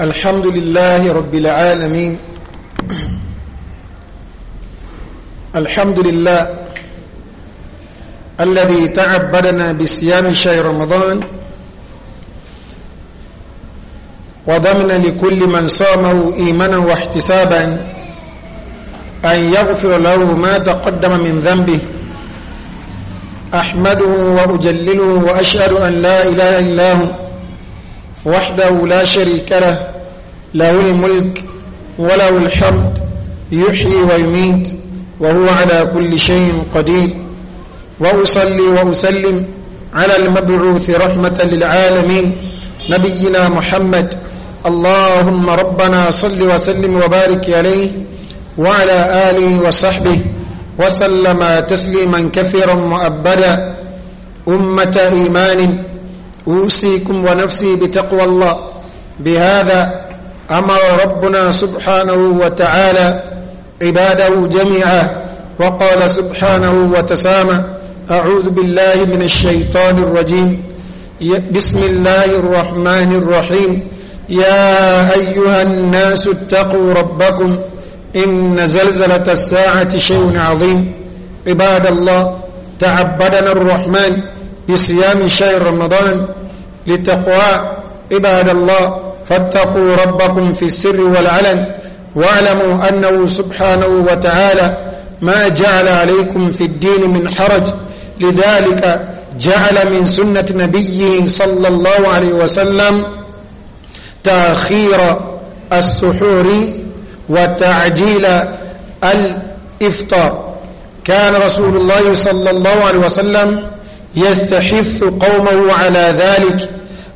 الحمد لله رب العالمين الحمد لله الذي تعبدنا بصيام شهر رمضان وضمن لكل من صامه إيمانا واحتسابا أن يغفر له ما تقدم من ذنبه أحمده وأجلله وأشهد أن لا إله إلا هو وحده لا شريك له له الملك وله الحمد يحيي ويميت وهو على كل شيء قدير وأصلي وأسلم على المبعوث رحمة للعالمين نبينا محمد اللهم ربنا صل وسلم وبارك عليه وعلى آله وصحبه وسلم تسليما كثيرا مؤبدا أمة إيمان أوصيكم ونفسي بتقوى الله بهذا أمر ربنا سبحانه وتعالى عباده جميعا وقال سبحانه وتسامى أعوذ بالله من الشيطان الرجيم بسم الله الرحمن الرحيم يا أيها الناس اتقوا ربكم إن زلزلة الساعة شيء عظيم عباد الله تعبدنا الرحمن بصيام شهر رمضان لتقوى عباد الله فاتقوا ربكم في السر والعلن واعلموا أنه سبحانه وتعالى ما جعل عليكم في الدين من حرج لذلك جعل من سنة نبيه صلى الله عليه وسلم تأخير السحور وتعجيل الإفطار كان رسول الله صلى الله عليه وسلم يستحث قومه على ذلك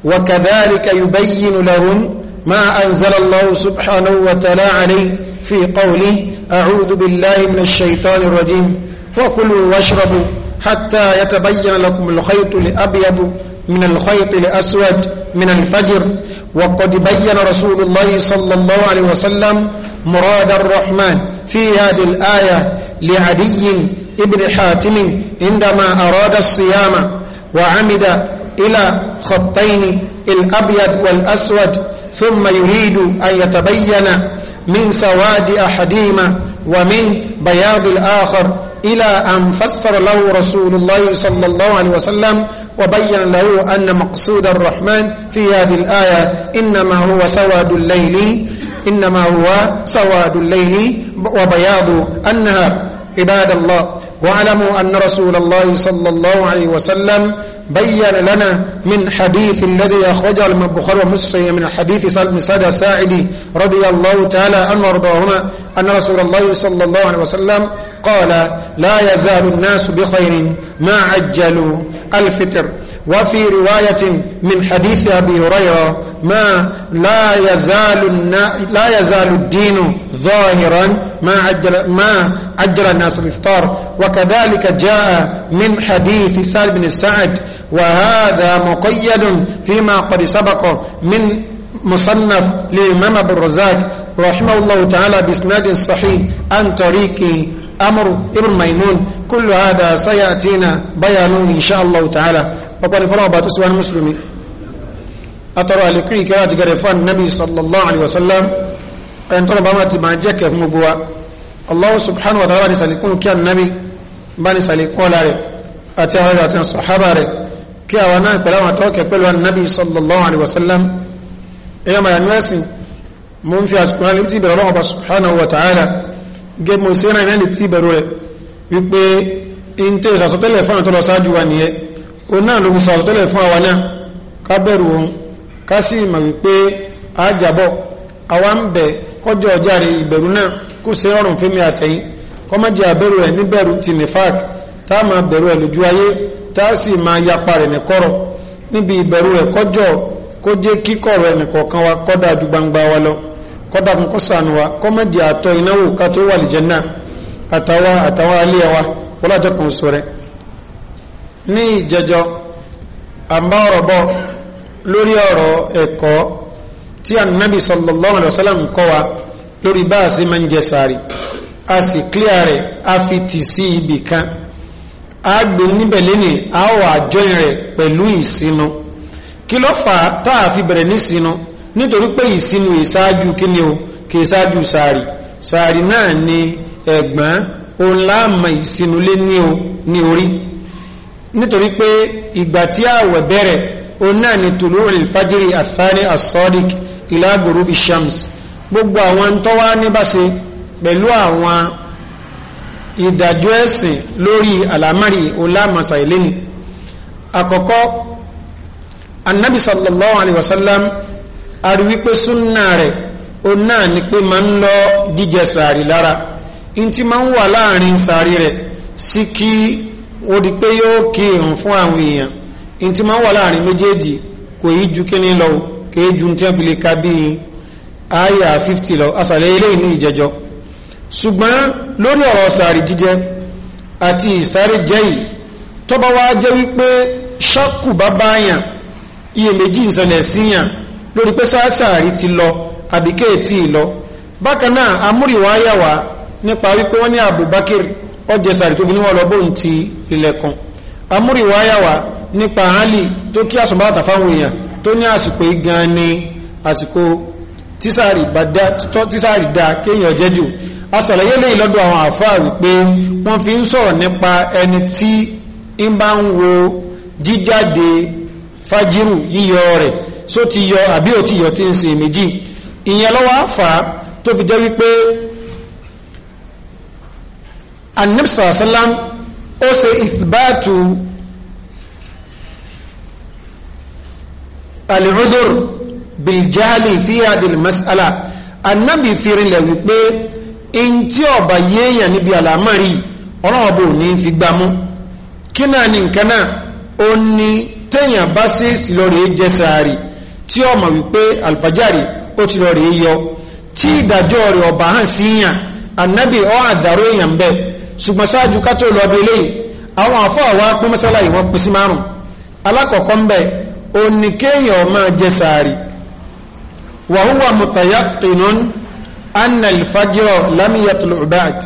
وكذلك يبين لهم ما أنزل الله سبحانه وتعالى عليه في قوله أعوذ بالله من الشيطان الرجيم وكلوا واشربوا حتى يتبين لكم الخيط الأبيض من الخيط الأسود من الفجر وقد بين رسول الله صلى الله عليه وسلم مراد الرحمن في هذه الآية لعدي ابن حاتم عندما أراد الصيام وعمد إلى خطين الأبيض والأسود ثم يريد أن يتبين من سواد أحدهما ومن بياض الآخر إلى أن فسر له رسول الله صلى الله عليه وسلم وبين له أن مقصود الرحمن في هذه الآية إنما هو سواد الليل إنما هو سواد الليل وبياض النهار عباد الله واعلموا أن رسول الله صلى الله عليه وسلم بين لنا من حديث الذي أخرجه البخاري ومسلم من حديث سلم سادة ساعدي رضي الله تعالى عنه وارضاهما أن رسول الله صلى الله عليه وسلم قال لا يزال الناس بخير ما عجلوا الفطر وفي رواية من حديث أبي هريرة ما لا يزال لا يزال الدين ظاهرا ما عجل ما عجل الناس الافطار وكذلك جاء من حديث سال بن سعد وهذا مقيد فيما قد سبق من مصنف للإمام أبو الرزاق رحمه الله تعالى بإسناد صحيح عن طريق أمر ابن ميمون كل هذا سيأتينا بيانه إن شاء الله تعالى ọ̀pọ̀ ní fọ́lọ́wọ́ bá tó síwá ní mùsùlùmí atọ́rọ àlékún ìkẹ́rà ti gẹ̀rẹ̀ fún nabi sallallahu alaihi wasallam ẹni tọ́nà bá máa ti máa jẹ́kẹ̀ fún gbogbo wa allahu subhanahu wa ta'ala bá ní sàlékún kí a nabi bá ní sàlékún ọ̀la rẹ̀ àti àwọn ẹ̀rọ àti sọ̀hábà rẹ̀ kí àwọn náà pẹ̀lú àwọn atọ́kẹ̀ pẹ̀lú nabi sallallahu alaihi wasallam ẹ̀yà máa nú ẹ̀sìn mo ń fi àsìkò náà létí ìbẹ̀rẹ̀ ọlọ́wọ́ bá subhanahu wa ta'ala gẹ́ mo sí náà létí ìbẹ̀rù rẹ̀ wípé in tẹ́ ìsàsọtẹ́lẹ̀ fún àwọn tó lọ sáájú wa nìyẹn òun náà ló fi sàtọ́lẹ̀ fún àwa náà ká bẹ̀rù òun ká sì mọ̀ wípé àjàbọ̀ àwa ń bẹ̀ kọjọ ọjàre ìbẹ̀rù náà kó ṣe rọrùn fún àtẹ̀yìn kọ́ má jẹ́ àbẹ̀rù rẹ̀ níbẹ̀rù ti nifak tá a máa bẹ̀rù rẹ̀ lójú ayé tá a sì máa yapa rẹ̀ nìkọ̀rọ̀ níbi ìbẹ̀rù rẹ̀ kọjọ kó jẹ́ kíkọ̀rọ̀ ẹnìkọ̀ọ̀kan wa kọ́dà ju gbangba wa lọ kọ́dà kún wa kọ́ má jẹ́ àtọ̀ ìnáwó ká tó wà lìjẹ́ náà àtàwa ní ìjẹjọ àbá ọ̀rọ̀ bọ̀ lórí ọ̀rọ̀ ẹ̀kọ́ tí ànábì sallallahu alaihi wasallam kọ́ wa lórí bá a sì máa ń jẹ sàárì a sì kílíà rẹ̀ a fi tì sí ibì kan a gbé níbẹ̀ lẹ́nì a wà àjọyìn rẹ̀ pẹ̀lú ìsinu kí ló fà á tá a fi bẹ̀rẹ̀ nísinu nítorí pé ìsinu ìṣáájú kíni o kì í ṣáájú sàárì sàárì náà ni ẹ̀gbọ́n òun láàmà ìsinu lé ní o ní orí nítorí pé ìgbà tí àwẹ̀ bẹ̀rẹ̀ òun náà ni tùlú ìfàjírí àtháni asodic ìlàgòrò ishams gbogbo àwọn ń tọ́wá níbàṣe pẹ̀lú àwọn ìdájọ́ ẹ̀sìn lórí àlámárì olámàṣà ìléni àkọ́kọ́ annabi sallallahu alaihi wasallam ari wípé súnà rẹ̀ òun náà ni pé máa ń lọ jíjẹ sàárì lára in máa ń wà láàrin sàárì rẹ̀ sí kí ó di pé yóò kí ìrun fún àwọn èèyàn ní tí máa ń wà láàrin méjèèjì kò yí ju kíní lọ kéé ju ní tí wọ́n fi lè ka bíi àyà fifty lọ asàlẹ̀ eléyìí ní ìjẹjọ́ ṣùgbọ́n lórí ọ̀rọ̀ sàárì jíjẹ àti ìsáré jẹ́ yìí tó bá wá jẹ́ wípé ṣákù bá báyàn iyèméjì ìṣẹ̀lẹ̀ síyàn lórí pé sáàsàárì ti lọ àbíkẹ́ tí ì lọ bákan náà amúrìwá yà wá nípa wípé wọ́n ní Abubakar ọjẹ sàrí tó fi níwọ̀n lọ bóun ti ilẹ̀ kan amúrìwáyà wa nípa ali tó kí àsọ̀bàtà fáwọn èèyàn tó ní àsìkò igan ni àsìkò tísàrí dá kéèyàn jẹ́jù asàlàyé lè lọ́dọ̀ àwọn àfáà wípé wọ́n fi ń sọ̀rọ̀ nípa ẹni tí ń bá ń wo jíjáde fájírù yíyọ rẹ̀ só ti yọ àbí ò ti yọ tí ń sin méjì ìyẹn lọ́wọ́ àfà tó fi jẹ́ wípé anabi sallallahu alayhi wa sallam ó ṣe ìfibáàtù al-udhr biljali fi adil mas'ala anabi firinlẹ̀ wípé ntí ọba yéèyàn níbi àlámọ́rí ọlọ́wọ́ bò ní fi gbámú kí náà ní nǹkan náà ó ní téèyàn bá ṣèèsì lọ́rẹ̀ẹ́ jẹ́ sàárì tí ọmọ wípé alfajari ó ti lọ́rẹ̀ẹ́ yọ tí ìdájọ́ rẹ̀ ọba hàn síyàn anabi ọ̀ àdàrò èèyàn bẹ́ẹ̀ ṣùgbọ́n ṣáájú ká tó lọ bí eléyìí àwọn àfáà wa pín mọ́sálà yìí wọ́n pín sí márùn alákọ̀ọ́kọ́ ń bẹ òní kéèyàn máa jẹ sàárì wàhúwà mùtàyà tìǹún anna alfajiro lamiyatul ubad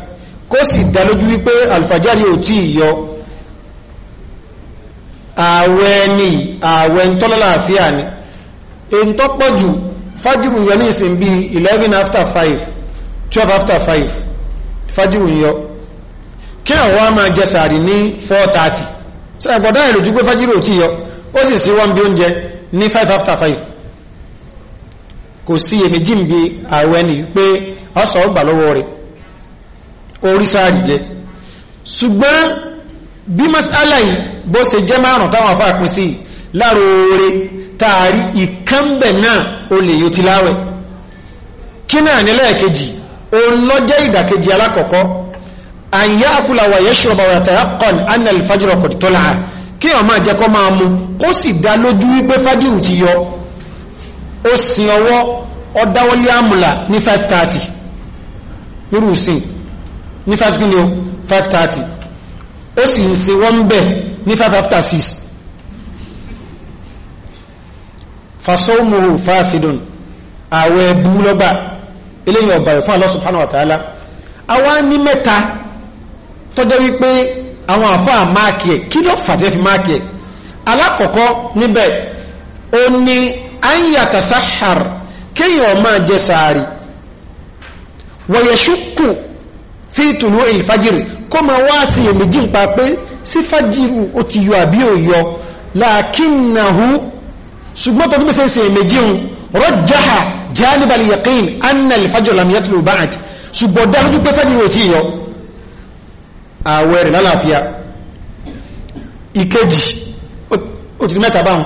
kó sì dá lójú wípé alfajari ò tí yọ ààwẹ̀ ni ààwẹ̀ ntọ́lọ́láàfíà ni èyí tó pọ̀ jù fájìrù yọ ní ìsìn bíi eleven after five twelve after five fájìrù yọ kí àwọn ma máa jẹ sàárì ní 4:30? thirty ṣàgbọ́dá ẹ̀ pé fájírò tí yọ ó sì sí wọn bí oúnjẹ ní 5 after five kò sí èméjì ń bi ààwẹ̀ ni pé ọ̀sán ọgbà lọ́wọ́ rẹ̀ orí sàárì jẹ ṣùgbọ́n bí masala yìí bó ṣe jẹ́ márùn táwọn afá sí ìkánbẹ̀ náà o lè ti láwẹ̀ kí náà ní lẹ́ẹ̀kejì lọ́jẹ́ ìdàkejì alákọ̀ọ́kọ́ an yakula wa yashruba wa yatayaqqan anna al-fajr qad tala'a kí ó máa jẹ kó máa mu kó sì dá lójú wípé fájìrù ti yọ ó sin ọwọ́ ó dáwọ́lé àmùlà ní 5:30 nírú sin ní 5:30 5:30 ó sì ń sin wọ́n bẹ̀ ní 5:56 fasọ́mùrù fásidùn àwẹ̀ búlọ́gbà eléyìn ọ̀bàrẹ̀ fún Allah subhanahu wa ta'ala àwa ní mẹ́ta tọ́jọ́ wípé àwọn àfáà máàkì ẹ̀ kí ló fàtẹ́ fi máàkì ẹ̀ alákọ̀ọ́kọ́ níbẹ̀ ó ní ayàtà sahar kéèyàn máa jẹ sàárì wọ̀yẹ̀ṣùkù fi tùlù ìfàjìrì kó máa wá sí èméjì ń pa pé sí fàjìrù ó ti yọ àbí ò yọ làákìnnàhù ṣùgbọ́n tó tó bẹ́sẹ̀ sí èméjì ń rọ́jàhà jálíbalì yaqin anna ìfàjìrì làmìyàtìlù báàdì ṣùgbọ́n dájú pé fàjìrì ò tí yọ ààwẹ̀ rẹ̀ lálàáfíà ìkejì ó ti di mẹ́ta báwọn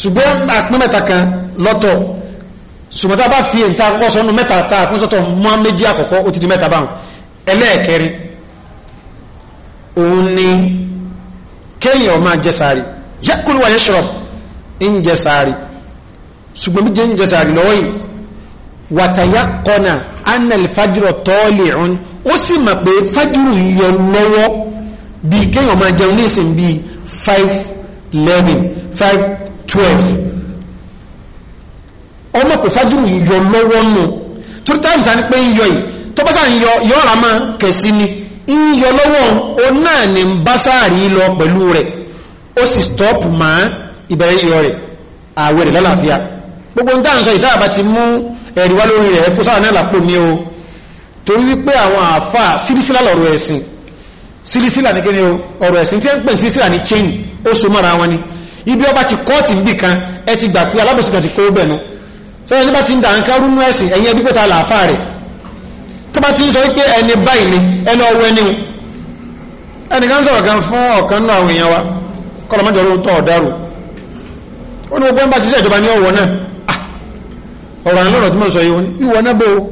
ṣùgbọ́n àpín mẹ́ta kan lọ́tọ̀ ṣùgbọ́n tá a bá fi èyíta àkọ́kọ́ sọ́nù mẹ́ta tá a pín sọ́tọ̀ mọ́ méjì àkọ́kọ́ ó ti di mẹ́ta báwọn ẹlẹ́ẹ̀kẹrin òun ni kéèyàn máa jẹ sààrì yakulu wa yashrab ń jẹ sààrì ṣùgbọ́n méjì ń jẹ sààrì lọ́wọ́ yìí wàtàyà kọ́nà anna al-fajr ó sì mọ̀ pé fájúrù yọ lọ́wọ́ bíi kéèyàn máa jẹun ní ìsìn bíi five eleven five twelve ọmọ kò fájúrù yọ lọ́wọ́ nù torí táyì ta ni pé ń yọ yìí tó bá sáà ń yọ yọ ọ̀rá máa kẹ̀sí ni ń yọ lọ́wọ́ o náà ni ń bá sáàrí lọ pẹ̀lú rẹ̀ ó sì stọ́ọ̀pù mọ́ ìbẹ̀rẹ̀ yọ rẹ̀ àwẹ̀ rẹ̀ lálàáfíà gbogbo ń dáhùn sọ ìdáàbá ti mú ẹ̀rí wá lórí rẹ̀ kó sáà náà làpò ní o. torí wípé àwọn àáfàá sírísílà lọ̀rọ̀ ẹ̀sìn sírísílà ní kíni ọ̀rọ̀ ẹ̀sìn tí ẹ ń pè sírísílà ní chain ó so mọ́ra wọn ni ibi ọba ti kọ́ọ̀tì ẹ ti gbà pé kan ti kó bẹ̀ nu sọ́yìn nígbà tí ń dà ń rúnú ẹ̀sìn ẹ̀yìn ti ń sọ wípé ẹni báyìí ni ẹni ọwọ́ ẹni wọn ẹnìkan sọ̀rọ̀ kan fún ọ̀kan náà ah, àwọn wa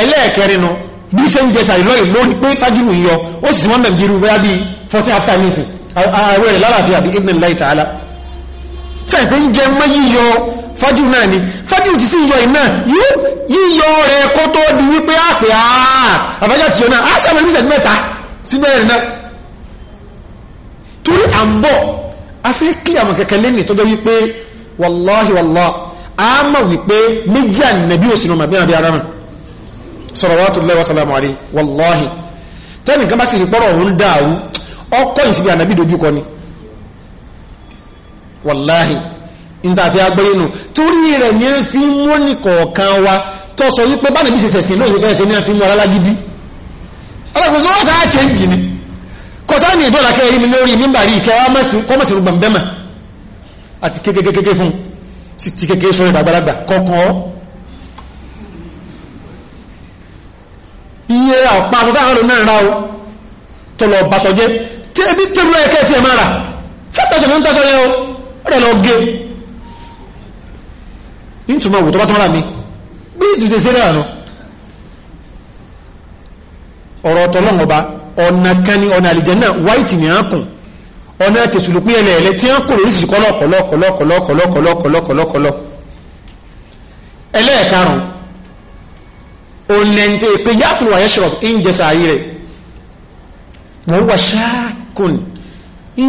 ẹlẹ́ẹ̀kẹrinu bí ṣe ń jẹ sàrí lọ́yìn lórí pé fájúrù yọ ó sì sí wọ́n mẹ́m gírí bóyá bíi fourteen after nisin ààrẹ rẹ̀ lálàáfíà bíi ibn lai ta'ala tí àìpé ń jẹ mọ́ yíyọ fájúrù náà ni fájúrù ti sí yọ iná yíyọ rẹ̀ kó tó di wípé á pè á àbájá ti yọ náà á sàmì ìbísẹ̀ mẹ́ta sí mẹ́rin náà torí à ń bọ̀ a fẹ́ kí àwọn kẹ̀kẹ́ lẹ́nìí tó jẹ́ wípé wàláhi wàlá a mọ̀ wípé méjì ànàbí òsínú màbí àbí ara náà salawatullahi wa salamu alayhi wallahi tẹ́nì kan bá sì rí pọ́rọ̀ òun dáàrú ọkọ̀ ìsìnkú ànàbí dojúkọ ni wallahi níta fi agbẹ́yìn nù torí rẹ̀ ní ń fi mọ́nì kọ̀ọ̀kan wa tó sọ wípé bá nàbí sẹ̀sẹ̀ lóyìn fẹ́ ṣe ní àfi mú alágídí alákòóso wọ́n sáà ṣe ń jì ní kò sáà ní ìdọ́là kẹrin mi lórí mímbà rí ìkẹwàá kọ́mọ̀sì rúgbàmbẹ́mà àti kékeré fún sí ti kékeré sọ̀rọ̀ ìdàgbàlagbà kọ̀ọ̀kan iye ọ̀pá aṣọ táwọn ọ̀rọ̀ náà ra o tó lọ bá sọjẹ́ ebi tẹ́lú ẹ̀kẹ́ tí ẹ máa rà five thousand ní tẹ́sọ yẹ o ó rẹ̀ lọ gé nítumọ̀ wò tó bá tó rà bí ìtúsẹ̀ sí rẹ̀ àná onlẹ́ntẹ́ pé yákùn wà yẹ́ṣọ̀rọ̀ ń jẹ sàárì rẹ̀ wọ́n wà ṣáàkùn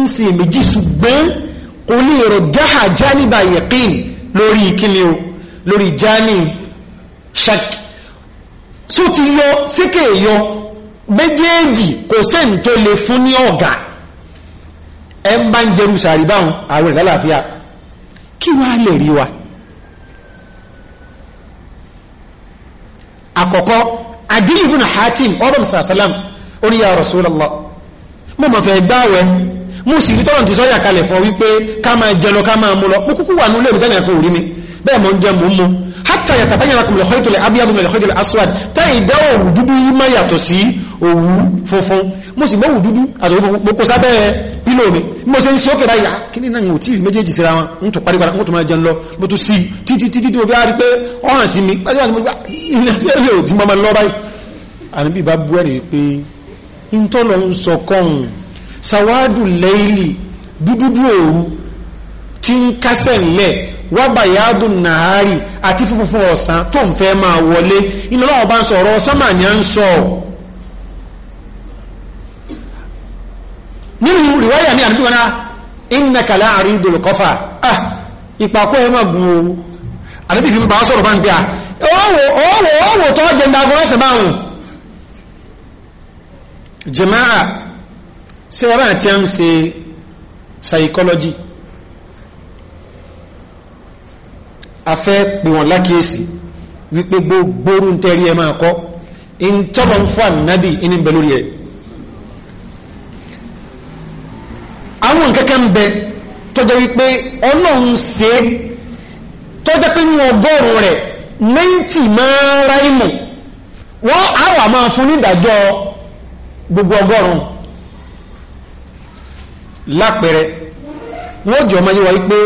ń sì méjì ṣùgbọ́n kò lori èrò jáhà jánìbà yẹ̀kín lórí ìkíni o lórí jánì ṣak tó ti yọ síkè yọ méjèèjì kò sẹ́ń tó lè fún ní ọ̀gá ẹ ń bá ń jẹrù sàárì báwọn ààrẹ lálàáfíà kí wàá wa. àkọ́kọ́ Adi ibn Hatim ọ̀bọ̀n sàlám oníyà Rasulullah mo mọ̀ fẹ́ gbáwẹ̀ mo sì rí tọ́lọ̀ ti sọ́yà kalẹ̀ fún wípé ká máa jẹ lọ ká máa mú lọ mo kúkú wà nílé mi tẹ́lẹ̀ kò rí mi bẹ́ẹ̀ mo ń jẹ mo ń mu hatta aswad tá ìdá òwú dúdú yìí má yàtọ̀ sí òwú funfun mo sì mọ́ òwú pílò mi mo ṣe ń sí òkè báyìí ah, kíní náà ò tí ì méjèèjì síra wọn ń tún parí padà ń tún máa jẹun lọ mo tún sí títí títí tí mo fi á rí pé ọ̀hàn sí mi pàṣẹ àti mo gbà ilé ẹsẹ̀ lè ò tí mo máa lọ báyìí. àní bí bá bú ẹ̀rì pé ntọ́lọ ń sọ kọ́hún sàwádù lẹ́yìlì dúdúdú òru tí ń kásẹ̀ nínú rìwáyà ní àdúgbò náà ìnnaka láàrin ìdòlùkọ́fà ah ìpàkó ẹ máa gùn owó àdúgbò fi ń bá sọ̀rọ̀ bá ń pè à ọwọ́ ọwọ́ ọwọ́ tó jẹ́ ìdàgbọ́ ẹsẹ̀ bá wọn jẹmáà sí ọ̀rọ̀ àti à ń ṣe psychology afẹ́ pè wọ́n wípé gbogbo orúntẹ́rí ẹ máa ìntọ́bọ̀ ń fún ànábì ìní ń bẹ ẹ̀ àwọn kẹ́kẹ́ ń bẹ tọ́jọ́ wípé ọlọ́run ṣe é tọ́jọ́ pé ní ọgọ́rùn rẹ̀ mẹ́ǹtì máa ra ìmọ̀ wọ́n àwà máa fún ní ìdájọ́ gbogbo ọgọ́rùn lápẹẹrẹ wọ́n jọ máa yíwa wípé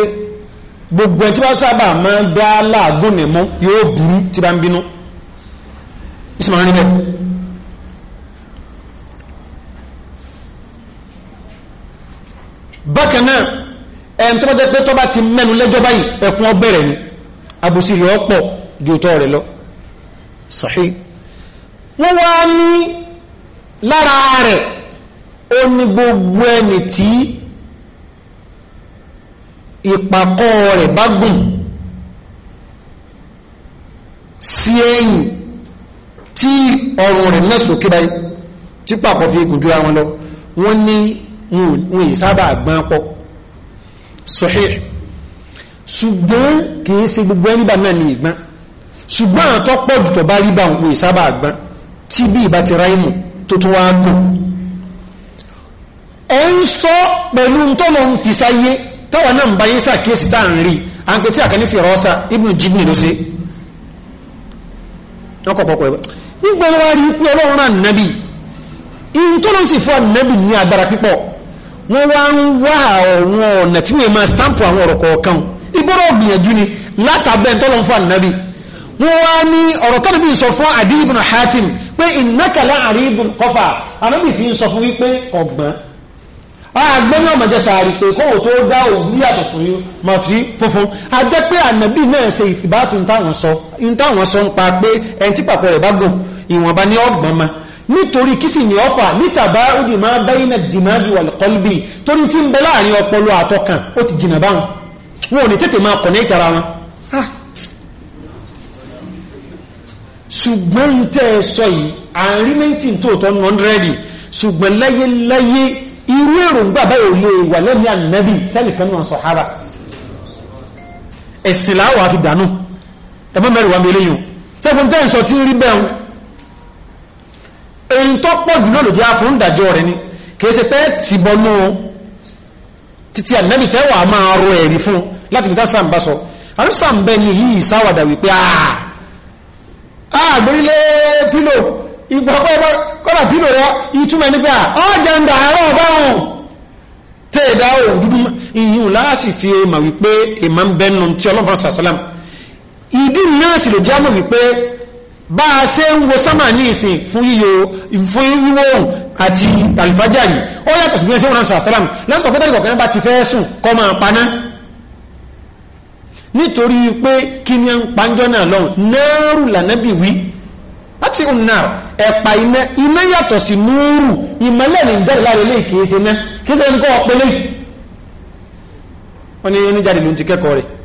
gbogbo ẹ̀ tí wọ́n sábà máa dá láàgùn nìmú yóò burú tí bá ń bínú bákan náà ẹn tó bá jẹ́ pé tó bá ti mẹ́nu lẹ́jọ́ báyìí ẹkún ọbẹ̀rẹ̀ ni àbòsí rẹ̀ ọ̀pọ̀ ju tọ́ rẹ̀ lọ sọ̀hí wọ́n wá ní lára rẹ̀ ó ní gbogbo ẹni tí ìpàkọ́ rẹ̀ bá gùn sí ẹ̀yìn tí ọrùn rẹ̀ náà sókè tí pàkọ́ fi gùn jura wọn lọ wọ́n ní wọn ì sábà gbọ́n pọ̀ sahih ṣùgbọ́n kì í ṣe gbogbo ẹni bá náà ní ìgbọ́n ṣùgbọ́n àwọn tó pọ̀ jù tó bá rí bá wọn ì sábà gbọ́n tí bí ìbá ti ráìmù tó tún wá gùn ẹ ń sọ pẹ̀lú tọ́lọ ń fi sáyé táwa náà ń bá yín sàkíyèsí tá à ń rí à tí àkànní rọ́ọ̀sà ibùn jíbìnì ló ṣe nígbà wọn rí pé ọlọ́run náà nàbì ìntọ́lọ́sì fún ànàbì ní agbára pípọ̀ wọ́n wá ń wá àwọn ọ̀nà tí wọ́n máa stamp àwọn ọ̀rọ̀ kọ̀ọ̀kan ìgbọ́rọ̀ gbìyànjú ni látàbẹ́ tọ́lọ́ fún ànábì wọ́n wá ní ọ̀rọ̀ tọ́lọ́ bí sọ fún Adi ibn Hatim pé ìnákàlà àrídùn kọfà ànábì fi ń sọ fún wípé ọ̀gbọ́n àgbọ́n náà máa jẹ́ sàárì pé kóhò tó dá òwú yàtọ̀ sùn yìí fi funfun a jẹ́ pé ànábì náà ṣe ìfìbátun táwọn sọ ń pa pé ẹni tí pàpọ̀ rẹ̀ bá gùn ìwọ̀nba ní ọ̀gbọ́n máa nítorí kìsì ní ọ́fà nítàbá òdì máa bẹ́yìn dìmáàbí wà lọ́kọ́lùbì torí tí ń bẹ láàrin ọpọlọ àtọkàn ó ti jìnà báwọn wọn ò ní tètè máa kọ̀ ní ìtara wọn ah! ṣùgbọ́n ń tẹ́ ẹ sọ yìí àárín méjì tó tọ́ nù ọ́ndẹ́rẹ́dì ṣùgbọ́n láyé láyé irú èròǹgbà báyìí ò lè wà lẹ́mí ànábì sẹ́nìkan náà sọ̀hábà ẹ̀sìn làwọn àfi dànù ẹ̀mọ́ mẹ́rin wà mí èyí tó pọ̀ jù náà ló jẹ́ fún ìdájọ́ rẹ̀ ni kìí ṣe pé tìbọnú títí ànábì tẹ́wàá máa ro ẹ̀rí fún láti mìta sam bá sọ àrí sam bẹ́ẹ̀ ni yìí sáwàdà wípé àà àgbórílẹ̀ pílò ìgbàpọ̀ kọ́nà pílò rẹ̀ ìtumẹ̀ nígbà ọjà ń dàárọ̀ báwọn tẹ́ ẹ̀dá ò dúdú ìyún láàsì bá a ṣe ń wo sánmà ní ìsìn fún yíyo fún wíwò ohun àti alifajari ó yàtọ̀ sí bí ẹsẹ̀ wọn sọ àsálàm lẹ́sọ̀ pẹ́tẹ́lì kọ̀ọ̀kan bá ti fẹ́ sùn kọ́ máa paná nítorí pé kí ni ń panjọ́ náà lọ́hùn náírù lànàbì wí láti ọ̀nà ẹ̀pà iná iná yàtọ̀ sí núùrù ìmọ̀lẹ̀ ní jáde láre lè kìí ṣe ná kìí ṣe ní kọ́ ọ̀pẹ́lẹ̀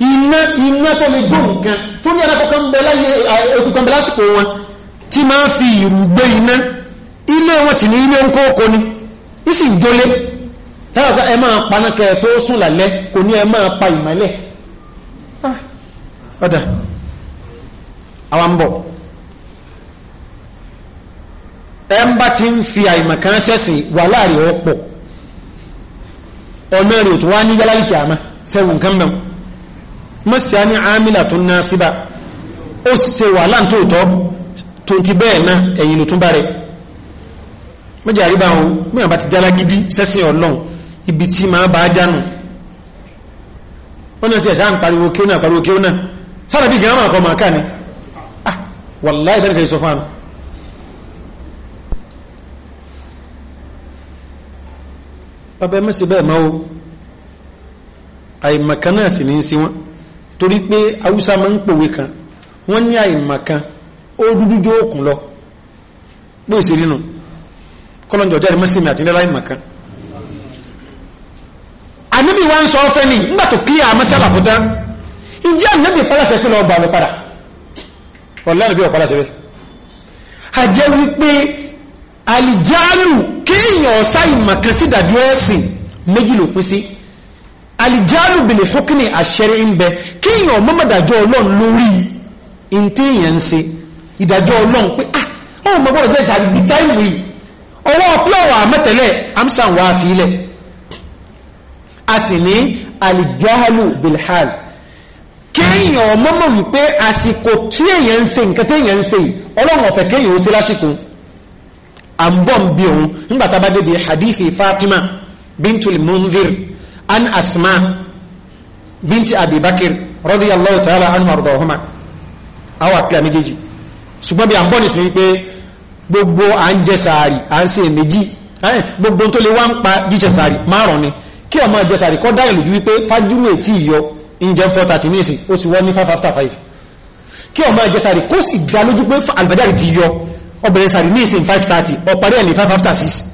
iná iná tó lè jó nǹkan tó ní ẹ̀rọ kankan bẹ láyé ẹkùn kan bẹ lásìkò wọn tí máa ń fi ìrù gbé iná ilé wọn sì ní ilé ń kókó ni ìsì ń jólé táwọn ẹ máa paná kẹ tó sùn lálẹ́ kò ní ẹ máa pa ìmọ́lẹ̀ ah, ọ̀dà àwọn bọ̀ ẹ ń bá ti ń fi àìmọ̀kan sẹ́sìn wà láàrin ọ̀pọ̀ ọ̀nà rẹ̀ tó wá ní yálàlì kìámà sẹ́wọ̀n kan mẹ́wọ̀n mọ́sí á ní amílà tó ná síbà ó ṣe wà láǹtòótọ́ tó ti bẹ́ẹ̀ náà ẹ̀yìn ló tún bá rẹ̀ mẹ́jẹ̀ àríbá ohun mẹ́rin bá ti dá lágídí sẹ́sìn ọlọ́run ibi tí máa bá jánu wọ́n náà ti ẹ̀sán pariwo kí ó náà pariwo kí ó náà sára bí gẹ́rán àkọ́ màá kà ní ah wàláì bẹ́ẹ̀ sì ní í sí wọn torí pé haúsá máa ń pòwe kan wọ́n ní àìmọ̀ kan ó dúdú jó òkun lọ pé ìṣèlú nù kọ́lọ́njọ́ jáde mọ́sẹ̀mí àti nílá àìmọ̀ kan ànábì wa ń sọ ọ́fẹ́ ni nígbà tó kílíà mọ́sálà fún tán ìjẹ́ ànábì pàlásẹ̀ pé lọ́ọ́ gbà lọ padà ọ̀lànà bí ọ̀ bẹ́ẹ̀ àjẹ́ wípé àlìjálù kéèyàn ọ̀sá ìmọ̀kan sí ìdájọ́ ẹ̀sìn méjì ló pín sí alìjáàlù bìlì hókìnì àṣẹrí ń bẹ kíyàn mọ́mọ́dájọ́ ọlọ́run lórí ìntẹ́yàn ń ṣe ìdájọ́ ọlọ́run pé ah ọmọ táìmù amsan wà a sì ní alìjáàlù bìlì hàl ọmọ mọ́mọ́ wípé àsìkò tí èèyàn ṣe nǹkan ṣe Fatima bintul an asma binti abibakir radiyallahu ta'ala anhu ardahuma awa pia méjèèjì ṣùgbọ́n bí i ambonis ni wípé gbogbo à ń jẹ sàárì à ń ṣe méjì gbogbo tó lè wá ń pa jíjẹ sàárì márùn ni kí ọmọ jẹ sàárì kọ́ dáyẹ̀ lójú wípé fájúrò ètí ìyọ ìjẹun 430 ní ìsìn ó ti wọ́n ní 5 kí ọmọ jẹ sàárì kó sì dá lójú pé alfajari ti yọ ọbẹ̀rẹ̀ sàárì ní 530 ọ̀parí ẹ̀ ní 5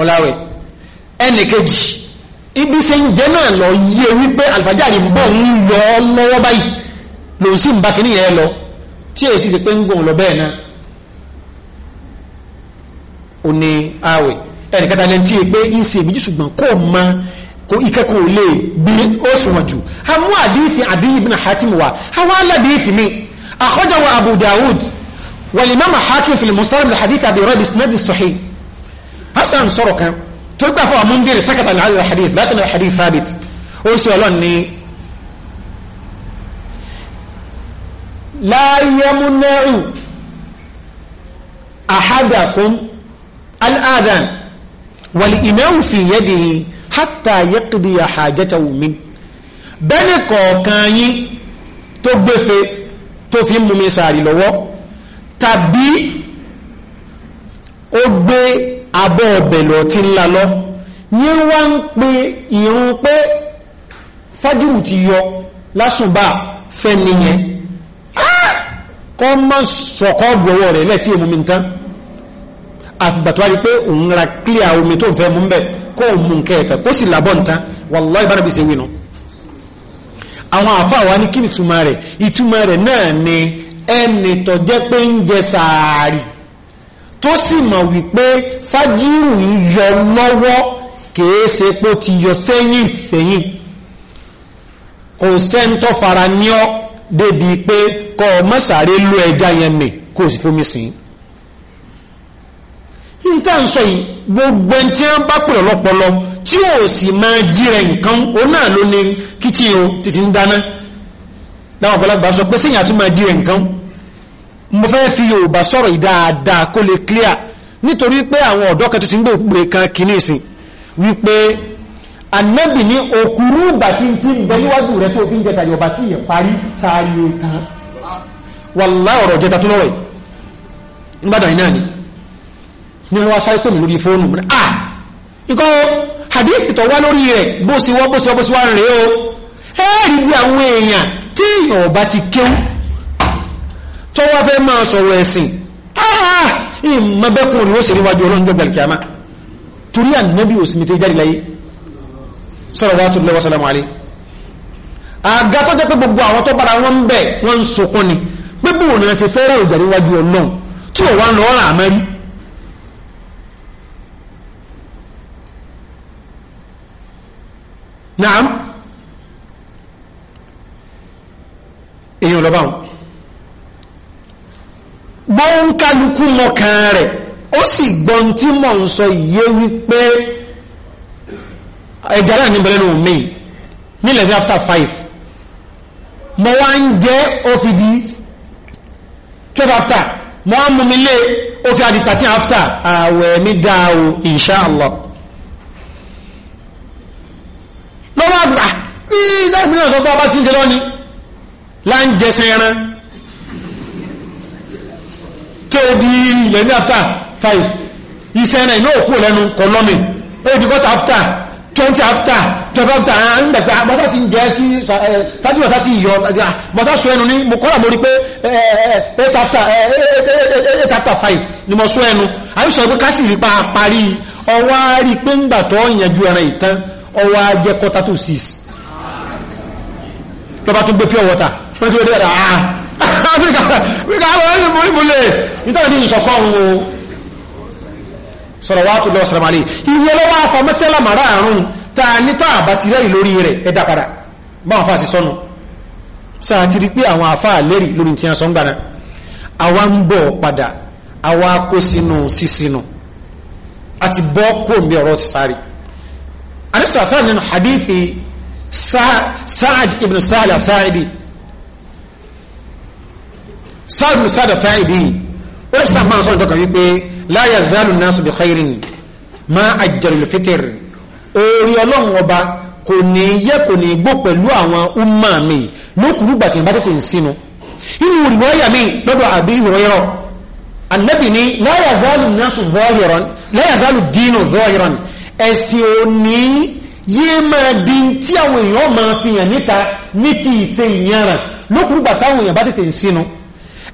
ọ̀làwẹ̀ ẹnì kejì ibi ṣe ń jẹ́ náà lọ yíye wípé alfajari ń bọ̀ ń lọ lọ́wọ́ báyìí lòun sì ń bá kìíní yẹn lọ tí èyí sì ṣe pé ń gùn lọ bẹ́ẹ̀ náà ó ní àwẹ̀ ẹnì kẹta lẹ́ntì pé ń ṣe méjì ṣùgbọ́n kò mọ kò ìkẹ́kọ̀ọ́ lè bí ó sùnwọ̀n jù a mú àdífì hasan sọ̀rọ̀ kan tó gbà fún amúndìrì sákàtà ní àdìrà hadith látàmì hadith thabit ó sì ọlọ́run ní láyémúnẹ́rù àhádàkún al'adán wàlì ìmẹ́rù fi yẹ́dìí hátà yẹ́kìdì àhàjẹ́ta wùmí bẹ́ẹ̀ni kọ̀ọ̀kan yín tó gbéfe tó fi mú mi sàárì lọ́wọ́ tàbí ó gbé abọ́ ọ̀bẹ̀lọ̀ ti ńlá lọ ní wá ń pe ìrún pé fájìrù ti yọ lásùnbà fẹ́mi yẹn ah! kọ́ mọ́ sọ̀kọ́ gbọ́wọ́ rẹ̀ lẹ́tí èmú mi tán àfìgbà tó wá rí pé òun ra kílíà omi tó ń fẹ́ mú bẹ́ẹ̀ kó mú nǹkẹ́ ẹ̀tẹ̀ kó sì làbọ̀ nǹtán wallahi ìbárabi ṣe wínú àwọn àfa wa ní kí ni ìtumọ̀ rẹ̀ ìtumọ̀ rẹ̀ náà ni ẹnì tó pé ń jẹ sàárì tó sì mọ̀ wípé fájírù ń yọ lọ́wọ́ kìí ṣe pé ó ti yọ sẹ́yìn sẹ́yìn kò sẹ́ńtọ́ fara ní ọ́ débi pé kọ́ ọ mọ́sàáré ló ẹja yẹn mì kó o sì fomi sìn í. n tá n sọ yìí gbogbo ẹni tí wọn bá pè lọpọlọ tí o sì máa jírẹ nǹkan òun náà ló ní kìtì o títí ń dáná láwọn ọ̀pọ̀lọpọ̀ sọ pé sẹ́yìn àtúmọ̀ jírẹ nǹkan mo fẹ́ fi yorùbá sọ̀rọ̀ yìí dáadáa kó lè clear nítorí pé àwọn ọ̀dọ́ kan tó ti ń gbèrè kan kìíní ìsìn wípé anábì ní òkúrú ìgbà tí ti ń bẹ níwájú rẹ tó fi ń jẹsà yorùbá tí yẹn parí sáárì òtán wàlá ọ̀rọ̀ jẹta tó lọ́wọ́ ẹ̀ nígbàdàn yìí náà ni ni wọ́n sáré pè mí lórí fóònù mi ah ikọ́ hadith tó wá lórí rẹ̀ bó ṣe wọ́ bó ṣe wọ́ bó ṣe wá rèé o ẹ̀ẹ́rì bí àwọn èèyàn tí yorùbá ti kéwù tó wá fẹ́ máa sọ̀rọ̀ ẹ̀sìn ìmọ̀bẹ́kùn rí ó sì ríwájú ọlọ́njọ́ gbẹ̀lkìyàmá torí ànábì òsìmí tẹ́ jáde láyé salawatullahi wa salamu alayhi àga tó jẹ́ pé gbogbo àwọn tó bára wọn ń bẹ̀ wọ́n ń sọkún ni pé bó ní ẹsẹ̀ fẹ́rẹ̀ òjàrí wájú ọlọ́run tí ò wá ń lọ ọ̀rọ̀ àmẹ́rí naam èèyàn lọ báwọn gbọ́nkálukú mọ̀kàn rẹ̀ ó sì gbọ́n tí mọ̀ ń sọ yé wípé ẹja náà ní bẹ̀rẹ̀ lóhùn mí nílẹ̀ after five mo wá ń jẹ́ ó fi di twelve after mo wá mú mi lé ó fi adi thirteen after ààwẹ̀ mi dá o inshallah lọ́wọ́ àgbà ní ìdáhùn mìíràn sọ ti ń ṣe lọ́ni láǹjẹsẹ̀ ẹran tí ó di ilẹ̀ ní after five iṣẹ́ náà inú òkú lẹ́nu kọ̀ lọ́mì ó di quarter after twenty after twelve after ah ń dàgbà masa ti ń jẹ́ kí sáájú masa ti yọ masa ah, sọ ẹnu ní mo kọ́ra mo rí pé eight after eight after five ni mo sọ ẹnu àyè sọ pé kásì rí pa parí ọwọ́ á rí i pé ńgbà tó yanjú ẹran ìtàn ọwọ́ á jẹ́ quarter to six lọ́ba tún gbé pure water wọ́n ti wọ́n dé ẹ̀rọ ah áfíríkà áfíríkà àwọn ẹ̀sìn mú ìmúlẹ̀ nítorí ní ìṣọ̀kọ́ ọ̀run o sọ̀rọ̀ wá tó lọ sọ̀rọ̀ màlẹ́ ìwé ọlọ́wọ́ afọmọ́sẹ́lá màrá àrùn ta ní tá àbátí rẹ́rì lórí rẹ̀ ẹ̀dá padà báwọn afá sí sọnù sáà ti rí pé àwọn afá lẹ́rì lórí ti hàn sọ́ngbàna àwa ń bọ̀ padà àwa kó sínú sísínú àti bọ́ kó mi ọ̀rọ̀ ti sáré àdìsàsáà nínú Sa'ad ibn Sa'ad Sa'idi sáàdù sáàdà sáàdì ó lè sàmà sọ́nà tó kàn wípé láyà zálù náà sùbí khairin má àjẹrù fitr orí ọlọ́run ọba kò ní yẹ kò ní gbó pẹ̀lú àwọn umma mi lókùrú gbàtí bá tètè ń sínú inú rìwáyà mi lọ́dọ̀ àbí ìrọ̀yọ̀rọ̀ annabi ni láyà zálù náà sùn zọ́ọ̀yọ̀rọ̀ láyà zálù dínú zọ́ọ̀yọ̀rọ̀ ẹ̀sìn òní yé máa di tí àwọn èèyàn máa fi hàn níta ní ti ìṣe ìyànràn lókùrúgbà táwọn èèyàn bá tètè ń sínú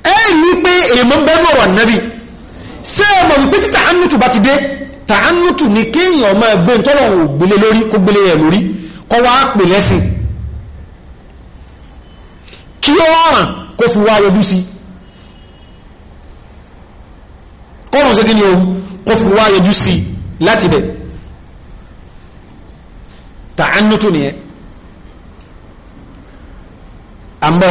ẹ rí i pé èèmọ̀ bẹ́ẹ̀ bọ̀rọ̀ ànábì ṣé ẹ mọ̀ wípé títà ánútù bá ti dé tà ánútù ni kéèyàn ọmọ ẹgbẹ́ tọ́lọ̀ ò gbélé lórí kó gbélé ẹ̀ lórí kọ́ wá pè lẹ́sìn kí ó ràn kó fi wá yọjú sí kọ́rùn sí kí ni o kó fi wá yọjú sí láti bẹ̀ tà ánútù nìyẹn àmbọ́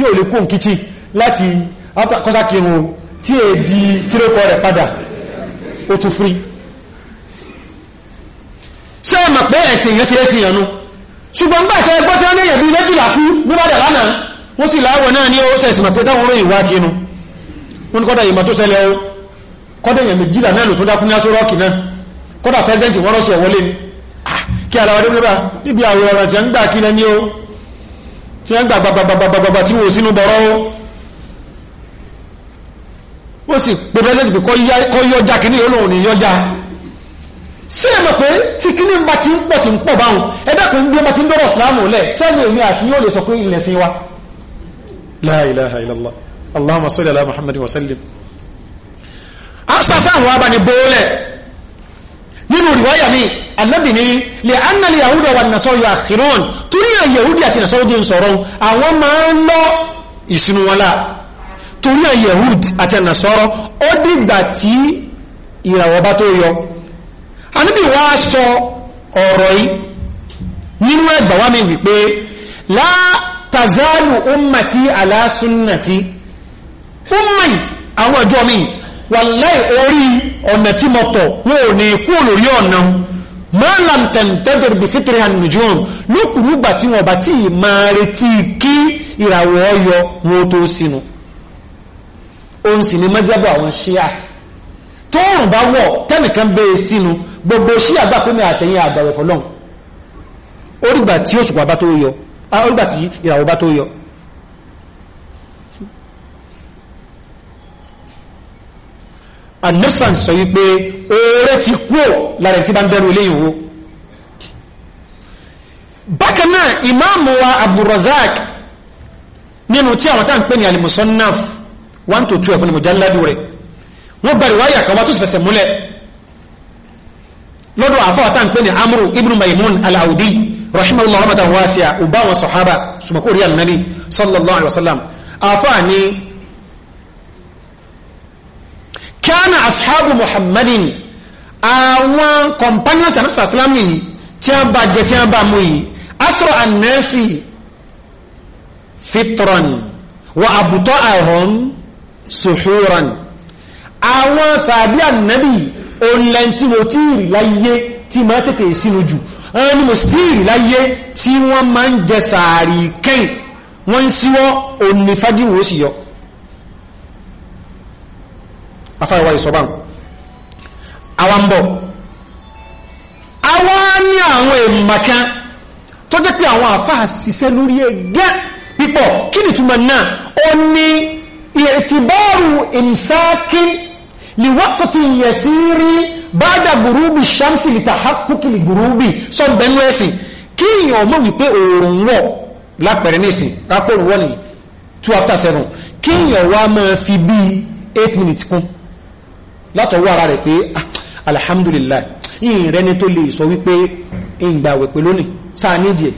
tí ò lè kó nkíchí láti kọ́sákirun tí è di kírókọ rẹ̀ padà ó tún fúrí ṣé ẹ mọ̀ pé ẹ̀sìn yẹn ṣe é fi hàn nu ṣùgbọ́n gbà tẹ́ gbọ́ tí wọ́n ní èyàn bíi méjìlá kú nígbàdà lánàá wọ́n sì ní ó mọ̀ pé o kọ́dà tó dákú ní aṣọ rọ́ọ̀kì náà kọ́dà ah, wọ́n rọ́ọ̀ṣẹ̀ wọlé ni kí tí wọ́n gbà gbàgbàgbàgbàgbà tí wọ́n sínú bọ̀rọ̀ ó ó sì pè pẹ́sẹ́tì pé kọ́ yọjá kìíní olóhùn ní yọjá sí ẹ̀mọ̀ pé tí kìíní ń bá ti ń pọ̀ tí ń pọ̀ báhùn ẹ̀dá kan bí ọba ti ń dọ́rọ̀ ìsìláàmù lẹ̀ sẹ́ni èmi àti yóò lè sọ pé ilẹ̀ sí wa la ilaha illallah allahumma salli ala muhammadin wa sallim absa sáwọn abani bóólẹ̀ nínú ìwáyà mi anábì ní lè annal yahuda wa nasọ yóò àkìrán torí à yahudi àti nasọ jẹ́ sọ̀rọ̀ àwọn máa ń lọ ìsinú wọn la torí à yahudi àti nasọ̀rọ̀ ó dìgbà tí ìràwọ̀ bá tó yọ anábì wá sọ ọ̀rọ̀ yìí nínú ẹgbà wá mi wípé la tazalu ummati ala sunnati umma yìí àwọn ọjọ́ mi wàláì orí ọ̀nà tí mo tọ̀ wọn ò ní ikú olórí ọ̀nà mọ́làn tẹ̀ntẹ́dọ̀rọ̀ bí fítìrì hàn nìjọ́n lókùrú gbà tí wọn bá tí ì máa retí kí ìràwọ̀ ọyọ wọn ó tó sínú òun sì ni mẹ́jọ́bọ̀ àwọn ṣíà tóòrùn bá wọ̀ tẹ́nìkan bẹ́ẹ̀ e sínú gbogbo ṣíà gbà pé mi àtẹ̀yìn àgbàwẹ̀ fọlọ́hún orígbà tí òṣùpá bá tó yọ orígbà tí ìràwọ̀ bá tó yọ anipsan sọ wípé oore ti kú ò lára tí bá ń bẹ̀rù eléyìí wo bákan náà ìmáàmù wa abdulrazak nínú tí àwọn tá à ń pè ní alimusonnaf one to twelve ní mujalladu rẹ̀ wọ́n gbàrí wáyà kan wá tó sì fẹsẹ̀ múlẹ̀ lọ́dọ̀ àfọwọ́ tá pè ní amru ibn maimun alaudi rahimahullah rahmatan wasi'a ubawọn sahaba sumakori annabi sallallahu alaihi wasallam àfọwọ́ ni kíánà ashabu muhammadin àwọn companions and sàlámù yìí tí wọ́n bá jẹ tí wọ́n bá mú yìí asro anẹ́sì fitron wa àbùtọ́ àhọ́n suhuran àwọn sàbí ànábì òǹlẹ̀ntí mo tí ì láyé tí máa tètè sínú jù ẹni ni mo sì tí ì rí láyé tí wọ́n máa ń jẹ sàárì kẹ́yìn wọ́n ń síwọ́ òní fájìwò afáyẹwà ìsọ̀bá àwa ń bọ̀ àwa ní àwọn èèmọ̀ kan tó jẹ́ pé àwọn àfáà ṣiṣẹ́ lórí ẹgẹ́ pípọ̀ kí ni túmọ̀ náà ó ní ìrètìbọ́ọ̀rù ìmsákí liwakati yasiri bada gurubi shamsi litahakuki li gurubi sọ bẹnu ẹsìn kí èèyàn mọ̀ wípé òòrùn wọ̀ lápẹ̀rẹ̀ nísìn two after seven kí èèyàn wá eight minutes kún látọwọ́ ara rẹ̀ pé ah, alhamdulillah yìnyín rẹ ni tó lè sọ wípé ìgbà wẹ̀ pé lónìí sáà nídìí ẹ̀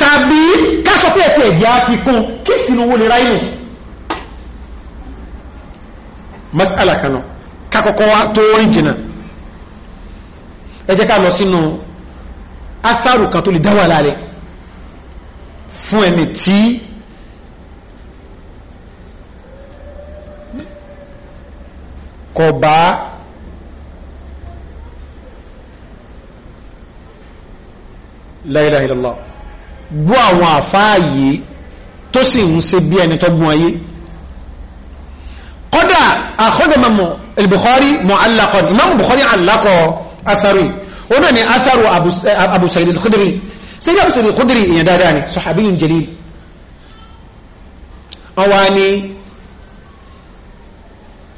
tàbí káṣọ pé ẹ̀tì ẹ̀jẹ̀ àfikún kí sínú owó lè ráyìn masala kanáà kakọ̀kọ́ wa tó rìn jìnà ẹ jẹ́ ká lọ sínú atharu tó lè dáwà lálẹ́ fún ẹni tí kò bá la ilaha illallah gbọ́ àwọn àfáàyè tó sì ń ṣe bí ẹni tó gbọ́n ayé kọ́dà àkọ́dàmọ́mọ́ al-Bukhari mu'allaqan Imam Bukhari alákọ̀ athari ó náà ni atharu Abu Sa'id al-Khudri Sayyid Abu Sa'id dáadáa ni sahabiyun jalil àwọn ni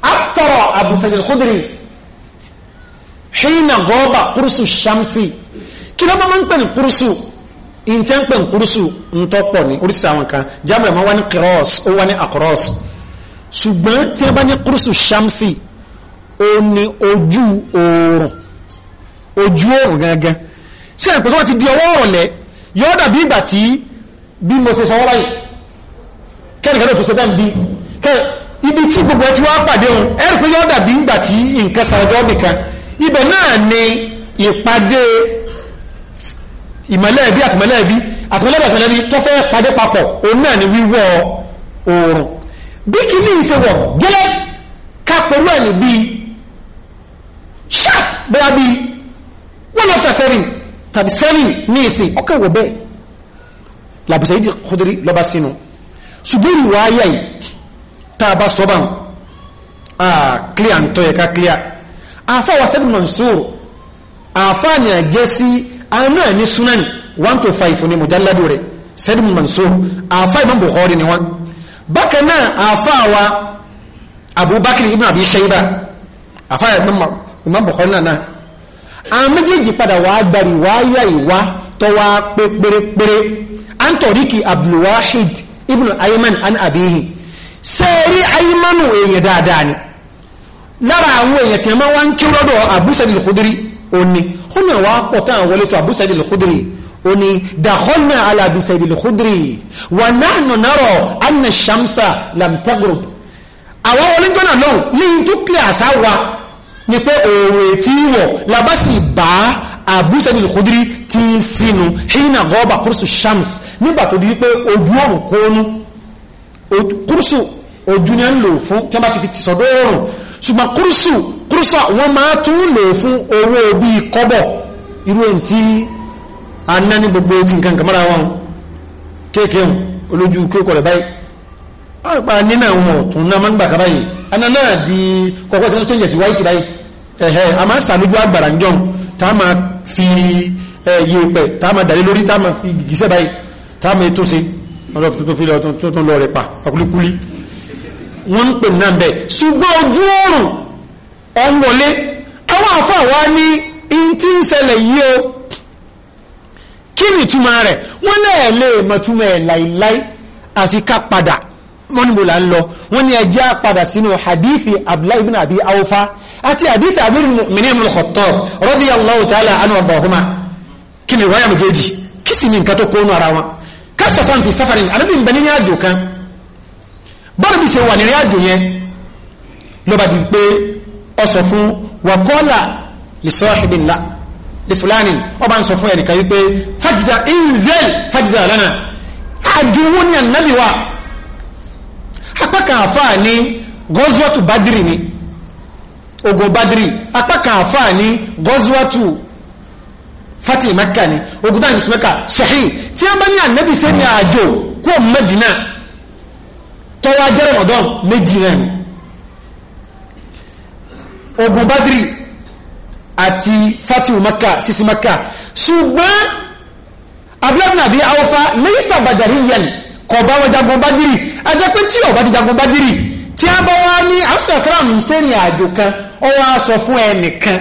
أفطر أبو سعيد الخدري حين غاب قرص الشمس كلا ما نقبل قرص إن تنقبل قرص نتقبل قرص أوانكا جامع ما واني قراص أو واني أقراص ṣùgbọ́n tí a bá ní kúrúsù ṣámsì ó ní ojú oòrùn ojú oòrùn gangan sí ẹ̀pẹ́ tó wọ́n ti di ọwọ́ ọ̀rọ̀lẹ́ yóò dàbí ìgbà tí bí mo ṣe sọ wọ́n báyìí kẹ́nìkan tó ṣe bẹ́ẹ̀ bí kẹ́nìkan ibi tí gbogbo ẹ ti wá pàdé òun ẹ̀rù pé yọ́ dàbí ńgbà tí nǹkan sàrọ̀jọ́ nìkan ibẹ̀ náà ni ìpàdé ìmọ̀lẹ́ẹ̀bí àtìmọ̀lẹ́ẹ̀bí àtìmọ̀lẹ́ẹ̀bí àtìmọ̀lẹ́ẹ̀bí tó fẹ́ pàdé papọ̀ òun náà ni wíwọ̀ oòrùn bí kì ní ìṣe wọ̀ ká pẹ̀lú ẹ̀lẹ́ bí sharp bẹ́ẹ̀ bí one after seven tàbí seven ní ìsìn ọkọ̀ wọ̀ bẹ́ẹ̀ làbùsẹ̀ yìí kọ́dírí lọ́ba sínú ṣùgbọ́n ìwà ayé yìí tàbá sọ́bàn clear ntọ́ yẹ ká clear àfá wa sẹ́bí Mansur àfá ni àjẹ́ sí àánú ẹ̀ ní sunan 125 ní mujalladu rẹ̀ sẹ́bí Mansur àfá Imam Bukhari ni wọ́n bákan náà àfá wa Abubakar ibn Abi Shayba àfá Imam Bukhari náà náà àwọn méjèèjì padà wà á gbàrí wà á yá ìwá tó wà á pé pérépéré antoriki Abdulwahid ibn Ayman an abihi sẹ́ẹ̀rí ayímánù èèyàn dáadáa ni lára àwọn èèyàn tí a máa wá ń kí rọ́dọ̀ àbúsẹ̀dì lùkúdírí òní ó náà wá pọ̀ tán àwọn wọlétọ̀ àbúsẹ̀dì lùkúdírí òní dàkọ́nà alábìsẹ̀dì lùkúdírí wà náà nọ̀rọ̀ anna shamsa lamtagrup àwọn wọlétọ̀ náà lọ́hùn lẹ́yìn tó kílẹ̀ àṣà wa ni pé òòrùn ètí wọ̀ labasi bá àbúsẹ̀dì lùkúdírí ti ń sinu hínà gọ́ọ̀bà kúrúsù shams nígbà tó di wípé ojú ọ̀rùn kóónú kúrúsù ojú ni a ń lò fún tí wọ́n bá ti fi ti sọ̀dọ̀ oòrùn ṣùgbọ́n kúrúsù kúrúsà wọ́n máa tún lò fún owó bí kọ́bọ̀ irú ẹ̀ tí a ná ní gbogbo ti nǹkan kàmọ́ra wọn kéèkéè olójú kéèkọ̀ rẹ̀ báyìí àpá nínà wọn tún náà máa ń gbà ká báyìí aná náà di kọ̀kọ́ tí wọ́n tó ń jẹ̀ sí wáìtì báyìí ẹ̀hẹ́ fi yèèpẹ̀ tá a máa fi gìgísẹ̀ báyìí tá wọ́n lọ fi tuntun filẹ̀ pa ọkùnrinkuli wọ́n ń pè náà bẹ̀ ṣùgbọ́n ojú oòrùn ọ̀nwọlé àwọn àfáà wa ní in tí ń ṣẹlẹ̀ yìí o kí ni túmọ̀ rẹ̀ wọ́n lẹ́ẹ̀lẹ́ mọ̀túmọ̀ ẹ̀ láìláì àfi ká padà wọ́n ní mo là ń lọ wọ́n ní ẹjẹ́ padà sínú hadithi abdullahi ibn abi awfa àti hadithi abirin minin ibn khattab radiyallahu ta'ala anhu wa rahma kí ni ìwáyà méjèèjì kí sì ni nǹkan tó kónú ara wọn káṣà sáà fi sáfàrin anábì ń bẹ nínú àjò kan bọ́ọ̀rù bí ṣe wà nínú àjò yẹn lọ́ba di pé ọ sọ fún wàkọ́là lè sọ ìbìnlá lè ọba ń sọ fún ẹnìkan wípé fàjìdà inzel fàjìdà lánà àjò wo ni ànábì wa apá kan àfáà ní gọ́zọ́tù bádìrì ni ogun bádìrì apá kan àfáà ní gọ́zọ́tù fati maka ni ogun tàbí maka sahih tí wọ́n bá ní ànábì ṣe ní àjò kó mẹ́dínà tọ́wọ́ ajẹ́ ramadan méjì ni ogun badri àti fati maka sisi maka ṣùgbọ́n abúlábìnàbí awọ́fà lẹ́yìn sàbàdàrí yẹn kọ̀ bá wọn jagun badiri ajẹ́ pé tí ọba ti jagun badiri tí a bá wá ní amsterdam ṣe ní àjò kan ọwọ́ aṣọ fún ẹnìkan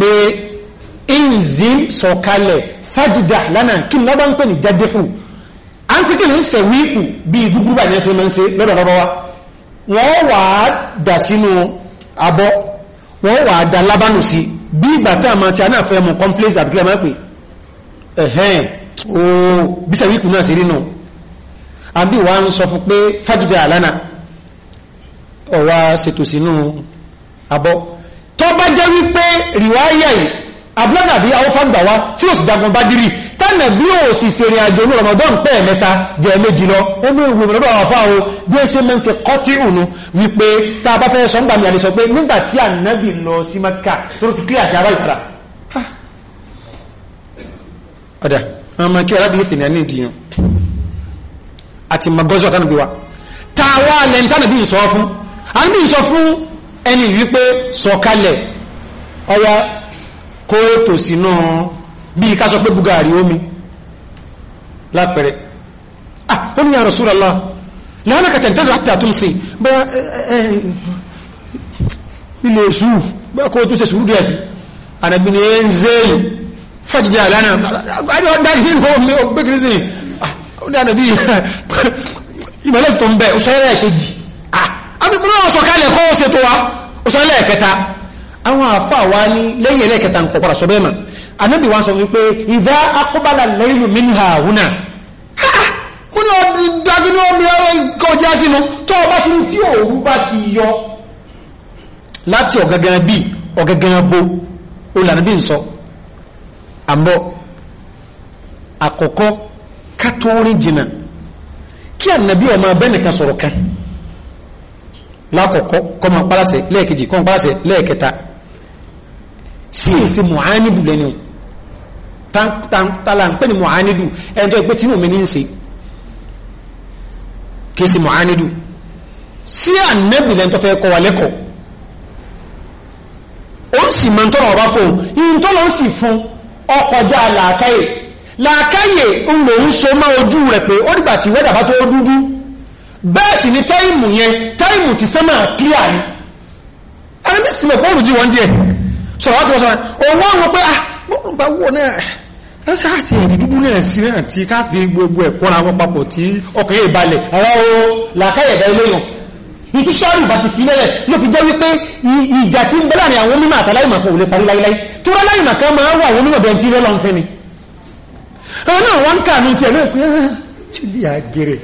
pé inzil sọ̀kalẹ̀ fájídà lana kí lọ́bá ń pè ní jádẹ́hù a ń pèkè ń sẹ̀ wíìkù bí gúgúrú bá ní ẹsẹ̀ máa ń ṣe lọ́dọ̀ lọ́dọ̀ wa wọ́n wà á dà sínú abọ́ wọ́n wà á dà lábánù sí bí ìgbà tá a máa ti aná fẹ́ mu conflace àbí kílẹ̀ máa pè ẹ̀hẹ́n ooo bí wíìkù náà sí rí nù àbí wà á sọ fún pé fájídà lánàá ọ̀wá ṣètò sínú abọ́ tó bá jẹ́ wípé rìwáyà yìí abúlọ́nà àbí awọ́fà gbà wá tí ó sì jagun Bádírì tánà bí ó sì ṣe ìrìn àjò ní Ramadan pẹ́ mẹ́ta jẹ́ méjì lọ ó ní ìwé ìrọ̀lọ́ àwọn afáwo bí ó ṣe máa ń ṣe kọ́tí ònu wípé tá a bá fẹ́ sọ ń gbà mí àlè sọ pé nígbà tí ànábì lọ sí Mẹ́kà tó ti kílíà sí ara ìpadà. Ah. ọ̀dà ọmọ kí arábìyí fìnnà ní ìdíyàn àti magọ́sọ̀ tánà wa tá a wá lẹ́ni ọwọ́ kó ètò sínú bí ká sọ pé bugari omi lápẹrẹ ah ó ní ya Rasulullah lẹ́yìn kẹtẹ̀ntẹ́lẹ̀ àti àtúnṣe bá ilé èṣù bá kó tó ṣe sùúrù díẹ̀ sí àrẹ̀bí ni ń zéèlì fàjíjà lánàá àríwádájú nínú omi ọgbẹ́gìrì sí ah, tó ń bẹ̀ ọ̀sọ́lẹ̀ ah àmì mọ́ ọ̀sọ̀kálẹ̀ kọ́ ó ṣe àwọn àfáà wa ní lẹ́yìn ẹlẹ́kẹta nǹkan padà sọ bẹ́ẹ̀ mà anábì wa sọ wípé ìdá akọ́bàlà lẹ́yìn minha huna mo ní ọdún dágbé ní omi ọ̀rọ̀ ìkọjá sínú tó ọba tí tí òru bá ti yọ láti ọ̀gangan bí ọ̀gangan bo olànà bí n sọ àmọ́ àkọ́kọ́ kátọ́rin jìnnà kí ànàbí ọmọ abẹ́nìkan sọ̀rọ̀ kan lákọ̀ọ́kọ́ kọ́ máa pàlásẹ̀ lẹ́ẹ̀kejì kọ́ máa pàlásẹ̀ lẹ́ẹ̀kẹta sí èsì mọ̀hánídù lẹ́nu tààlà ń pè ní mọ̀hánídù ẹni tó ẹgbẹ́ tí mòmí ní ń ṣe kesi sí mọ̀hánídù sí ànẹ́bì lẹ́nu tó fẹ́ kọ́ wa lẹ́kọ̀ọ́ ó sì mọ̀ tọ́rọ ọba fún un tọ́rọ sì fún ọkọjá làákàyè làákàyè ń lò ń so mọ́ ojú rẹ̀ pé ó dìgbà tí wẹ́dà bá tó dúdú bẹ́ẹ̀ sì ni táìmù yẹn táìmù ti sẹ́mà kílíà ni ẹni sì mọ̀ pé òrùjí wọn díẹ̀ sọ̀rọ̀ àti ọ̀sán òun wọ́n wọ́n pé ah bọ́ọ̀lù bá wọ̀ náà ẹ ṣe àti ẹ̀rí dúdú náà sí náà tí ká fi gbogbo ẹ̀kọ́ ra wọn papọ̀ tí ọkàn yìí balẹ̀ ọ̀rọ̀ o làkàyẹ̀dá eléyàn ìtú sọ́ọ̀rù bá ti fi lẹ́lẹ̀ ló fi jẹ́ wípé ìjà tí ń bẹ láàrin àwọn onímọ̀ àtàláìmọ̀ kan ò lè parí láíláí tó rẹ́ láìmọ̀ kan máa ń wà àwọn onímọ̀ bẹ́ẹ̀ tí rẹ́ lọ́n fẹ́ ni. àwọn náà wọ́n ń kà ní tiẹ̀ náà pé ah, tí lè àgẹrẹ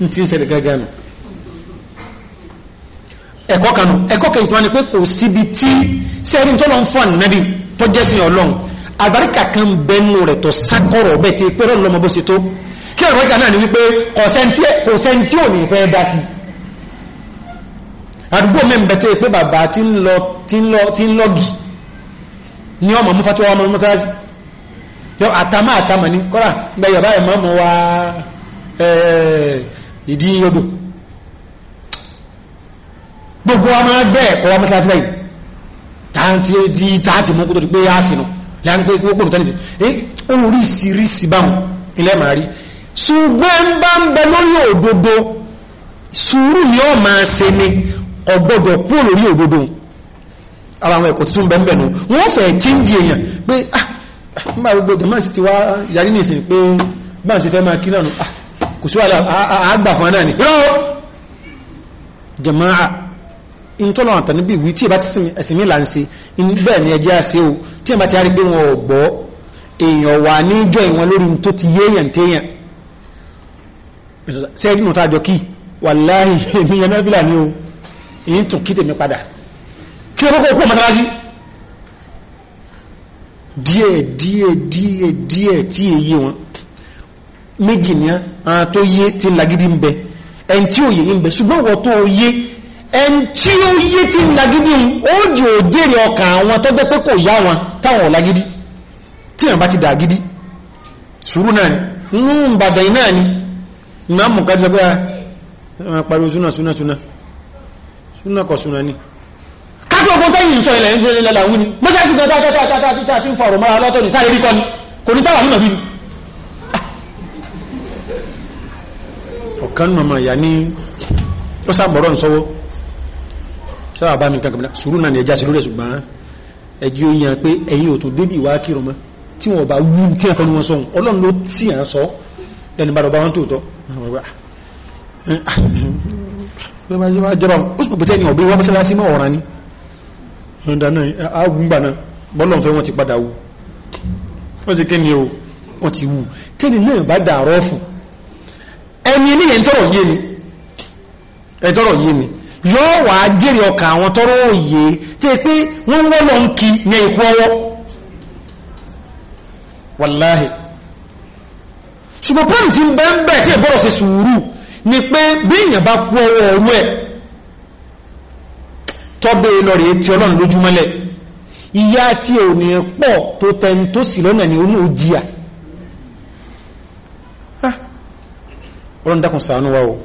ní ti ń ṣẹlẹ̀ gángan nù ẹ̀kọ́ kanu ẹ̀kọ́ kẹyìn tó wá ni pé kò síbi tí sẹ́ẹ̀rì tó lọ́n fún ànábì tó jẹ́ sìn ọlọ́run àbáríkà kan bẹnu rẹ̀ tọ́ sákọ̀rọ̀ bẹ́ẹ̀ ti pé lọ́mọ bó ṣe tó kí àbáríkà náà ni wípé kò sẹ́ntì kò sẹ́ntì ò ní fẹ́ dá sí i àdúgbò mẹ́mbẹ̀tẹ́ pé bàbá tí ń lọ tí ń lọ tí ń lọ́gì ní ọmọ mú fatiwa ọmọ mọ́sálásí yọ àtàmà àtàmà ní kọ́ra ń bẹ gbogbo wa máa gbẹ́ ẹ̀kọ́ wa mọ́sálásí báyìí tààtì tí tààtì mú kútó pé yáàsì nù láń pé gbogbo nǹkan nìtì oríṣiríṣi báwọn ilẹ̀ máa rí ṣùgbọ́n ń bá ń bẹ lórí òdodo sùúrù ni ó máa ṣe ni ọgbọ́dọ̀ kúrò lórí òdodo ara àwọn ẹ̀kọ́ tuntun bẹ́ẹ̀ bẹ́ẹ̀ nù wọ́n fẹ́ chíńjì èèyàn pé ah nígbà gbogbo gẹ̀mọ́ sì ti wá yarí nìsín pé bá ń ṣe fẹ́ máa kí náà nù ah, kò sí wàhálà àgbà fún náà ni. jama'a ntọ́lọ́ àtàní bí wí tí ẹ bá ti ẹ̀sìn mi là ń ṣe bẹ́ẹ̀ ni ẹjẹ́ àṣẹ o tí ẹ bá ti rí pé wọn ò gbọ́ èèyàn wà níjọ́ ìwọ̀n lórí tó ti yé èèyàn téèyàn ṣé ẹgbẹ́ mọ̀tá àjọ kí wàláhì èmi yẹn náfìlà ni o èyí tún kí tèmi padà kí ló kọ́kọ́ kú mọ́sálásí díẹ̀ díẹ̀ díẹ̀ díẹ̀ tí èyí wọn méjì ni àwọn tó yé ti lagidi ń bẹ ẹni tí òye ń bẹ ṣùgbọ́n wọ́n tó yé ẹn tí ó yé tí ń lagidi ó jò ọkàn àwọn tó pé kò yá wọn táwọn lagidi tí wọn bá ti dà gidi sùúrù náà ni ń bàdàn náà ni náà mú kájú sọ pé ah, pariwo súnà súnà súnà kọ súnà ni ń sọ ilẹ̀ ń lẹ́la wí ni tá tá tá tá ń fa ọ̀rọ̀ mọ́ra lọ́tọ̀ ní sáré rí kọ́ ni kò ní táwà ah. ọ̀kan sábà bá mi kankan náà sùúrù náà ni ẹja sí lórí ẹ̀sùn gbọ́n ẹjí ó yan pé ẹ̀yin ò tún débi ìwà kírun mọ́ tí wọn bá wú tí ẹ̀kọ́ ni wọ́n sọ̀hún ọlọ́run ló tì à ń sọ ẹni bá dọ̀bá wọn tó tọ́ bẹ́ẹ̀ bá jẹ́ jọba ó sì pèpè tẹ́ni ọ̀bẹ ni ọ̀dà ah, ah, náà á wú gbà náà bọ́lọ̀ fẹ́ wọn ti padà wú wọ́n bá dà rọ́ọ̀fù ẹni níyẹn yóò wà á jèrè ọkà àwọn tọrọ òye tí pé wọ́n wọ́n lọ ń kí ní ikú ọwọ́ wàláhì ṣùgbọ́n pọ́n ń bẹ́ ń bẹ̀ tí ìbọ̀rọ̀ sí sùúrù ni pé bí èèyàn bá kú ọwọ́ ọrú ẹ̀ tọ́bẹ̀ lọ rèé tí ọlọ́run lójú mọ́lẹ̀ ìyá tí ò ní pọ̀ tó tẹni tó sì lọ́nà ni ó ní jìyà ah. ọlọ́run dákun ṣàánú wa o.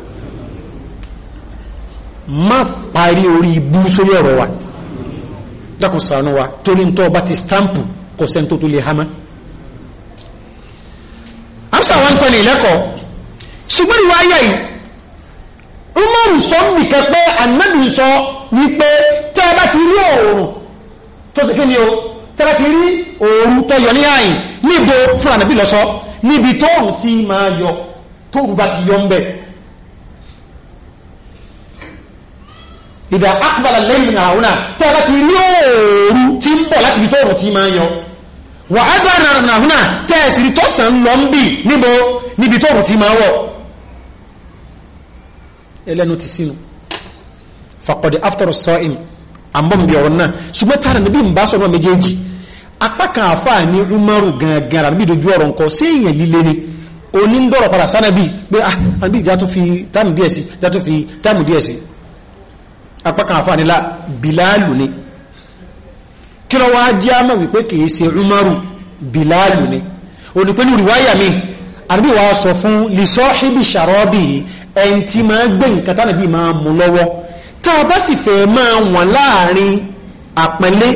Ma parí orí ibú sórí ọ̀rọ̀ wa dákun ṣàánú wa torí ntọ́ bá ti stampu kò sẹ́ni tó tó lè hamá amsa wa ń kọ́ ní ìlẹ́kọ̀ọ́ ṣùgbọ́n ìwà ayé yìí umaru sọ nìkẹ́ pé anabi sọ wípé tẹ́ ẹ bá ti rí òòrùn tó ṣe kí ni o tẹ́ ẹ ti rí òòrùn tó yọ ní àyìn níbo fúlànà bí lọ sọ níbi tóòrùn ti máa yọ tóòrùn bá ti yọ ń bẹ́ẹ̀ ìdá akpala lẹ́yìn àwọn náà tí a bá ti rí òòrù tí ń bọ̀ láti fi tó òòrù tí máa yọ wà á bá ràn náà náà tẹ́ ẹ̀ tó sàn lọ ń bì níbo níbi tó tí máa wọ̀ ẹlẹ́nu ti sínú fàkọ̀dé after sọ́ọ̀ìm àmbọ̀nbí ọ̀rọ̀ náà ṣùgbọ́n tààrà níbi ń bá sọ̀rọ̀ méjèèjì apá kan àfáà ní umaru gangan àbí dojú ọ̀rọ̀ nǹkan sí èèyàn líle ni oníndọ̀rọ̀ padà sánàbí pé ah àbí ìjà tó fi táàmù díẹ̀ sí ìjà tó fi táàmù díẹ̀ sí apákan àfànílá bìláàlù ni kí lọ wá jẹ́ àmà wípé kìí ṣe umaru bìláàlù ni olùpẹ̀lú rìwáyà mi àdúgbò wa sọ fún lisọ́híbi ṣàrọ́bì ẹni tí máa gbé nǹkan tánàbí máa mú lọ́wọ́ tá a bá sì fẹ́ máa wọ̀n láàrin àpẹẹlẹ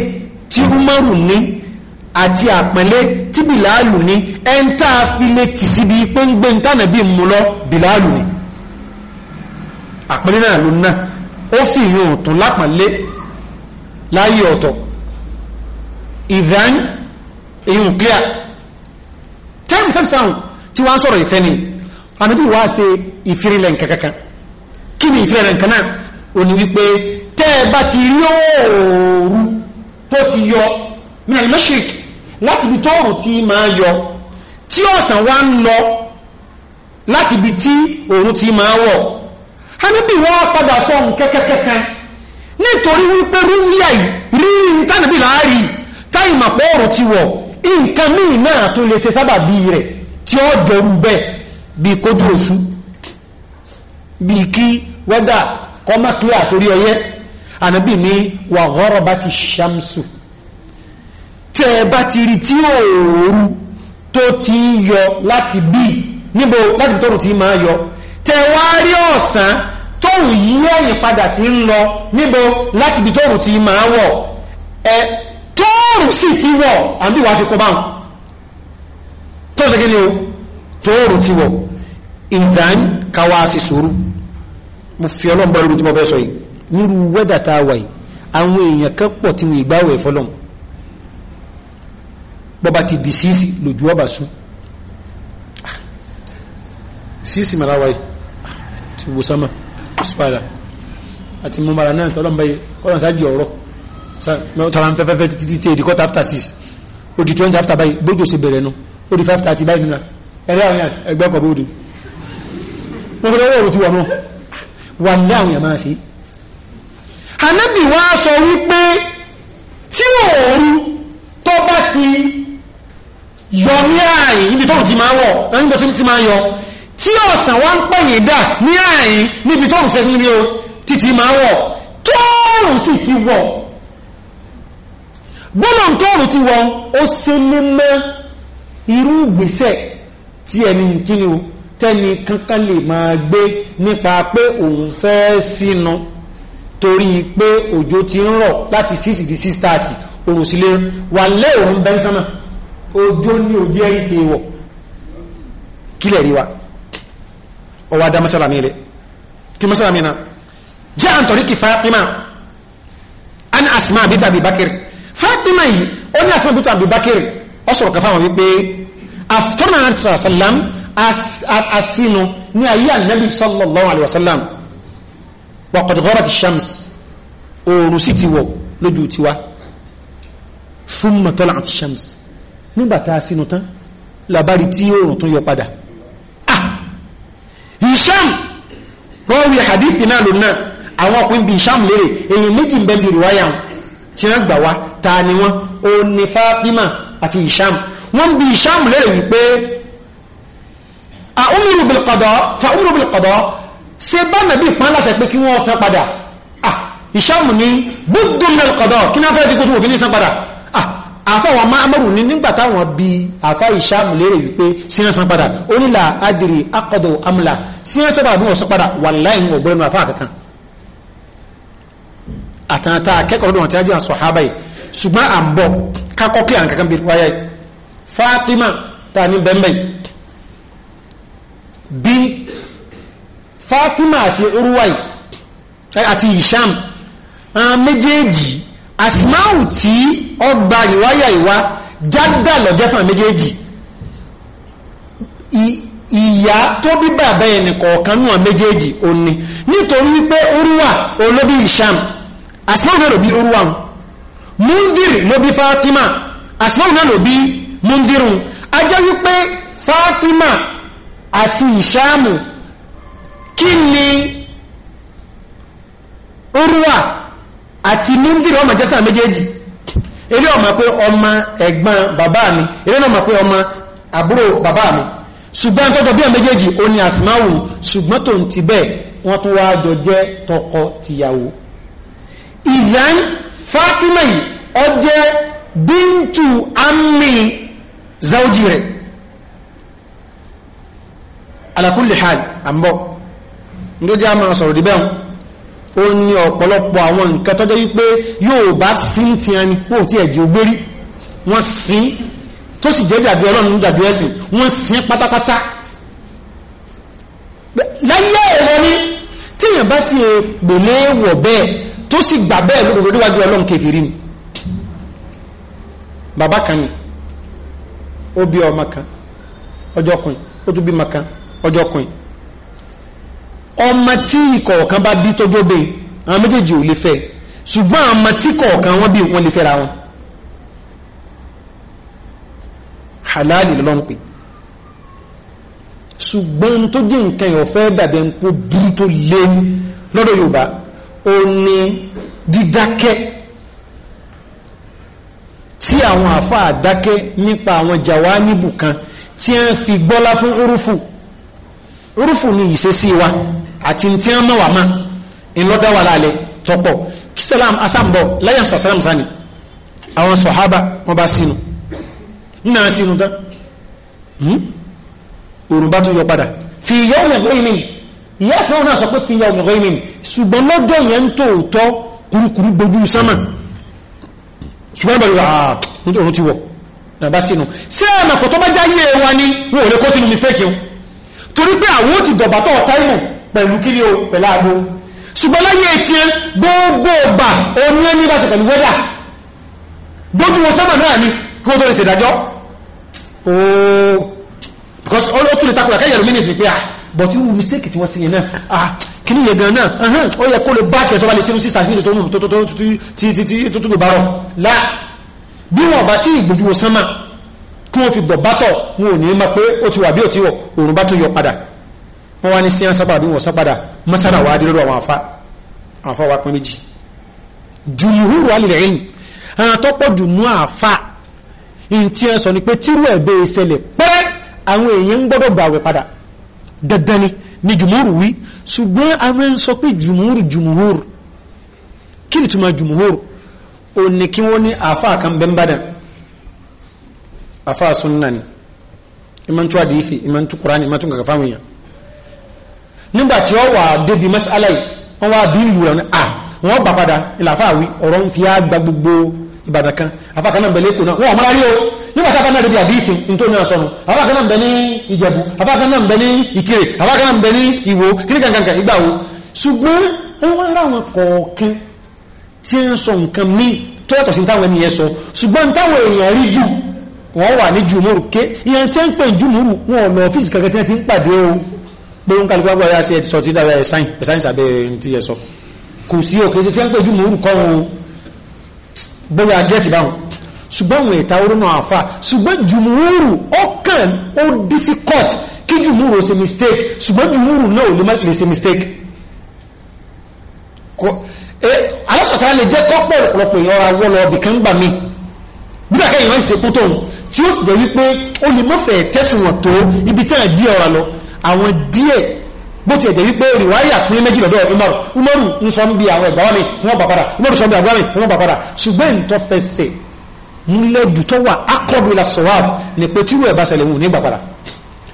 tí umaru ní àti àpẹẹlẹ tí bìláàlù ní ẹni tá a fi lè tì síbi pé ń gbé nǹkan tánàbí mú lọ bìláàlù ni àpẹẹlẹ náà ló náà ó fi ìyún ọ̀tún lápàlé láyé ọ̀tọ̀ ìdán ìyún clear ten ten sound tí wọ́n sọ̀rọ̀ ìfẹ́ ni ànábì wá ṣe ìfirilẹ̀ nǹkan kankan kí ni ìfirilẹ̀ nǹkan náà ò ní wípé tẹ́ ẹ bá ti rí òòrùn tó ti yọ min al láti ibi tóòrùn ti máa yọ tí ọ̀sán wá ń lọ láti ibi tí òòrùn ti máa wọ̀ Ànábì wọ́n padà sọ nkẹ́kẹ́kẹ́kẹ́ nítorí wípé rúwíà yìí rírí ntánàbí láàrí táìmà pọ̀ ọ̀rọ̀ ti wọ̀ nǹkan míì náà tó lè ṣe sábà bí rẹ̀ tí ó jọrú bẹ́ẹ̀ bí kójú oṣù bí kí wẹ́dà kọ́mọ́kílẹ̀ àtórí ọyẹ́ Ànábì ní wà ghọ́rọ̀ bá ti ṣàmsù tẹ́ ẹ bá ti rí tí òòrù tó ti ń yọ láti bí níbo láti tọrọ tí máa yọ tẹ̀wárí ọ̀sán tóun yí ẹ̀yìn padà ti ń lọ níbo láti ibi tóòrùn ti máa wọ̀ ẹ tóòrùn sì ti wọ̀ àbí wàá fi kọ́ báwọn tó ṣe kí ni o tóòrùn ti wọ̀ ìdán káwá sí sùúrù mo fi ọlọ́run bá lórí tí mo fẹ́ sọ yìí nírú wẹ́dà tá a wà yìí àwọn èèyàn kan pọ̀ tí wọ́n ìgbà wẹ̀ fọlọ́run bọ́ba ti di sísì lójú ọba sùn ah, sísì màláwa yìí àti gbogbo sánmà sípàdà àti múmara náà tọ́lọ́mbà yìí kọ́lọ́n sáájì ọ̀rọ̀ tọ́lá ń fẹ́fẹ́fẹ́ títí tí èdè quarter after six ó di twenty after báyìí gbójú sí bẹ̀rẹ̀ nu ó di five thirty báyìí nínú ẹ̀rẹ́ àwọn yàn ẹgbẹ́ kọ̀ bóde wọ́n fi lọ́wọ́ òrùtí wà mọ́ wà ní àwọn yàn máa sí. anábì wa sọ wípé tí òòrùn tó bá ti yọ ní ààyè níbi tóun ti máa wọ̀ ẹni tó ti máa yọ tí ọ̀sán wá ń pẹ̀yìn dà ní ààyìn níbi tó rùn sẹ́sí ní o títí máa wọ̀ tóòrùn sì ti wọ̀ gbọ́nà tóòrùn ti wọ̀ ó ṣe lé mọ́ irú ìgbésẹ̀ tí ẹni kíni o tẹ́ni kankan lè máa gbé nípa pé òun fẹ́ sínú torí pé òjò ti ń rọ̀ láti 6 di 6 30 òrùn sílé wà lé òun bẹ́ńsánà òjò ní òjò ẹ̀rí kéwọ̀ kílẹ̀ rí wa ọwọ́ adá masala mi rẹ̀ kí masala mi na jẹ́ àǹtọ̀rí kí Fatima an Asma bita Abi Bakr Fatima yìí ó ní Asma bita Abi Bakr ọ sọ̀rọ̀ kafa wọn wípé aftarna náà sàrà sàlám asinu ní ayé anabi sallallahu alayhi wa sallam wa qad gharat shams oòrùn sì ti wọ̀ lójú tiwa thumma tala'at shams nígbà tá a sinu tán labari tí oòrùn tún yọ padà Hisham rọ́ọ̀wì hadithi náà ló náà àwọn ọkùnrin bí Hisham lérè èyí méjì ń bẹ́ bí rìwáyà tí wọ́n gbà wá ta ni wọ́n ó ní Fatima àti Hisham wọ́n bí Hisham lérè wípé àúmùrù bìlkọ̀dọ̀ fàúmùrù bìlkọ̀dọ̀ ṣe bá nàbí ìpán láṣẹ pé kí wọ́n san padà ah, Hisham ní gbogbo mìíràn kọ̀dọ̀ kí náà fẹ́ àfáwọn ma'amaru ní nígbà táwọn bí àfá ìṣàmù lérè wípé sínásan padà onílà adìrí akọ̀dọ̀ amla sínásan padà bí wọ́n sọ padà wà láìní ọ̀gbẹ́nu àfá kankan àtàntà akẹ́kọ̀ọ́ lọ́dọ̀ wọn tí a jẹ́ àṣọ Fatima ta ní bẹ́ẹ̀mbẹ́ Fatima àti Urwai àti ìṣàmù àwọn méjèèjì asmáhù tí ọgbà ìwáyà ìwá jádà lọ́jẹ́ méjèèjì ìyá tó bí bàbá ẹni kọ̀ọ̀kan náà méjèèjì ó nítorí wípé orúwà olóbi na asmáhù náà ló bí orúwà múndìr ló bí fátímà asmáhù náà ló bí a jẹ́ wípé fatima àti ìṣàmù kí ni orúwà àti múndìrí ọmọ jẹ́sà méjèèjì eré ọmọ pé ọmọ ẹ̀gbọ́n bàbá mi eré ọmọ pé ọmọ àbúrò bàbá mi ṣùgbọ́n tọ́jọ́ bí méjèèjì ó ní àsìmáwù ṣùgbọ́n tó ń ti bẹ́ẹ̀ wọ́n tún wáá jọ jẹ́ tọkọ tìyàwó ìyá Fatima yìí ọ jẹ́ bíntù ammi zawji rẹ̀ ala kulli hal àmbọ̀ ní ó jẹ́ àmọ́ sọ̀rọ̀ dìbẹ́hùn ó ní ọ̀pọ̀lọpọ̀ àwọn nǹkan tọ́jọ́ wípé yóò bá sí ti ẹni kó tí ẹ̀jẹ̀ ògbérí wọ́n sí tó sì jẹ́ dàbí ọlọ́run dàbí ẹ̀sìn wọ́n sí pátápátá láyé ẹ̀rọ ni tí èèyàn bá sì gbòlé wọ̀ bẹ́ẹ̀ tó sì gbà bẹ́ẹ̀ lódodo níwájú ọlọ́run kẹfìrí ni bàbá kan ni ó bí ọmọ kan ọjọ́ kan ó tún bí ọmọ kan ọjọ́ kan ọmọ tí ìkọ̀ọ̀kan bá bí tọ́jọ́ bẹ àwọn méjèèjì ò lè fẹ́ ṣùgbọ́n àwọn ọmọ tí kọ̀ọ̀kan wọn bí wọn lè fẹ́ra wọn halali lọ́n pè ṣùgbọ́n tó jẹ́ nǹkan ìwọ̀fẹ́ dàbẹ̀ ń kó burú tó lé lọ́dọ̀ Yorùbá ó ní dídákẹ́ tí àwọn àfáà dákẹ́ nípa àwọn jàwá níbùkan tí wọ́n fi gbọ́lá fún orúfù orúfù ni ìṣesí wa àti ntí wọn mọ̀ wà má ńlọ́dá wà láàlẹ́ tọ́pọ̀ kìsàlám asambọ̀ lẹ́yìn sọ̀sálàm sani àwọn sọ̀hábà wọn bá sínú náà sínú tán hmm? òrùn bá tún yọ padà fi yawmi ghaymin ìyá sọ́wọ́ náà sọ pé fi yawmi ghaymin ṣùgbọ́n lọ́dọ̀ yẹn ń tòótọ́ kurukuru gbójú sánmà ṣùgbọ́n ah, torí pé àwọn ò ti dọ̀bà tó ọ̀ táìmù pẹ̀lú kílí o pẹ̀lú àgbo ṣùgbọ́n láyé etí gbogbo ọgbà omi ó ní ìbáṣe pẹ̀lú wẹ́dà gbogbo wọn sọ́mọ̀ náà ni kí wọ́n tó lè ṣèdájọ́ ooo because all tún lè takùrà kẹ́yẹ̀ lómi nìsín pé ah but you mistake tí wọ́n sí yẹn náà ah kíní yẹn gan náà ó yẹ kó lè bá kẹ̀ tó bá lè ṣe sísà ní ìṣètò tó tó tó tó tó tó bá rọ̀ la bí wọn bá tí ìgbójú wọn sánmà kí wọn fi dọ̀ bátọ̀ wọn ò ní í máa pé ó ti wà bí ó ti wọ̀ òòrùn bá tún yọ padà wọ́n wá ní sí ẹ̀sán padà bí wọ́n sán padà mọ́sára wà á dé àwọn àfa àwọn àfa wa pín méjì jùmùhúrù alìlẹ̀ ẹ̀yìn àwọn tó pọ̀ jù nú àfa ntí ẹ̀ sọ ni pé tírú ẹ̀ bẹ́ẹ̀ ṣẹlẹ̀ pẹ́ àwọn èèyàn ń gbọ́dọ̀ gbàwẹ̀ padà dandan ni ni jùmùhúrù wí ṣùgbọ́n àwọn ń sọ pé jùmùhúrù jùmùhúrù kí ni túmọ̀ jùmùhúrù ò ní kí wọ́n ní àfa kan bẹ́ ń bàdàn àfa sunna ni ìmọ̀ àdìyí fi kùránì ìmọ̀ kàkàfà wọ̀nyàn nígbàtí ọ wà débi mẹ́sàlẹ̀ wọ́n wá bí ìlú ẹ̀rọ à wọ́n gbà padà ìlàfàwí ọ̀rọ̀ ń fi á gba gbogbo ìbàdàn kan afákan náà bẹ̀lẹ́ èkó náà wọ́n ọ̀mọ́ra rí o nígbàtí afákan náà débi àbífin nítorí náà sọnù afákan náà bẹ ní ìjẹ̀bú afákan náà bẹ ní ìkirè afákan náà bẹ ní ìwò kíní kankan ìgbà wo ṣùgbọ́n wọ́n rà pé ń kálukú àgbà yà sí ẹ̀ sọ tí dára ẹ̀ sáyìn ẹ̀ sáyìn sàbẹ̀ ti ẹ̀ sọ kò sí òkè tí wọ́n pè jù mòórù kọ́ wọn bóyá gẹ́ẹ̀tì báwọn ṣùgbọ́n òun ìta oró náà àfà ṣùgbọ́n jùmúrù ọkàn ó difficult kí jùmúrù ṣe mistake ṣùgbọ́n jùmúrù náà ò lè ṣe mistake alásọ̀tara lè jẹ́ kọ́pọ̀ ọ̀pọ̀lọpọ̀ èèyàn ara wọ́lọ ọbì kan gbà mí nígbà kẹ́yìn wọ́n ṣe kú tóun tí ó sì jẹ́ wípé ó lè mọ́fẹ̀ẹ́ tẹ̀sùn wọn tó ibi tẹ́ẹ̀ dí ọ̀rọ̀ lọ àwọn díẹ̀ bó ti ẹ̀jẹ̀ wípé rìwáyà pín méjì lọ́dọ̀ umaru umaru ń sọ ń bi àwọn ẹ̀gbọ́n mi wọ́n bà padà umaru sọ ń bi àgbọ́n mi wọ́n bà padà ṣùgbọ́n ìtọ́ fẹsẹ̀ múlẹ̀ jù tó wà akọ́bù ilà sọ̀wáàbù ní pé tíwọ̀ ẹ̀bá ṣẹlẹ̀ wù ní gbà padà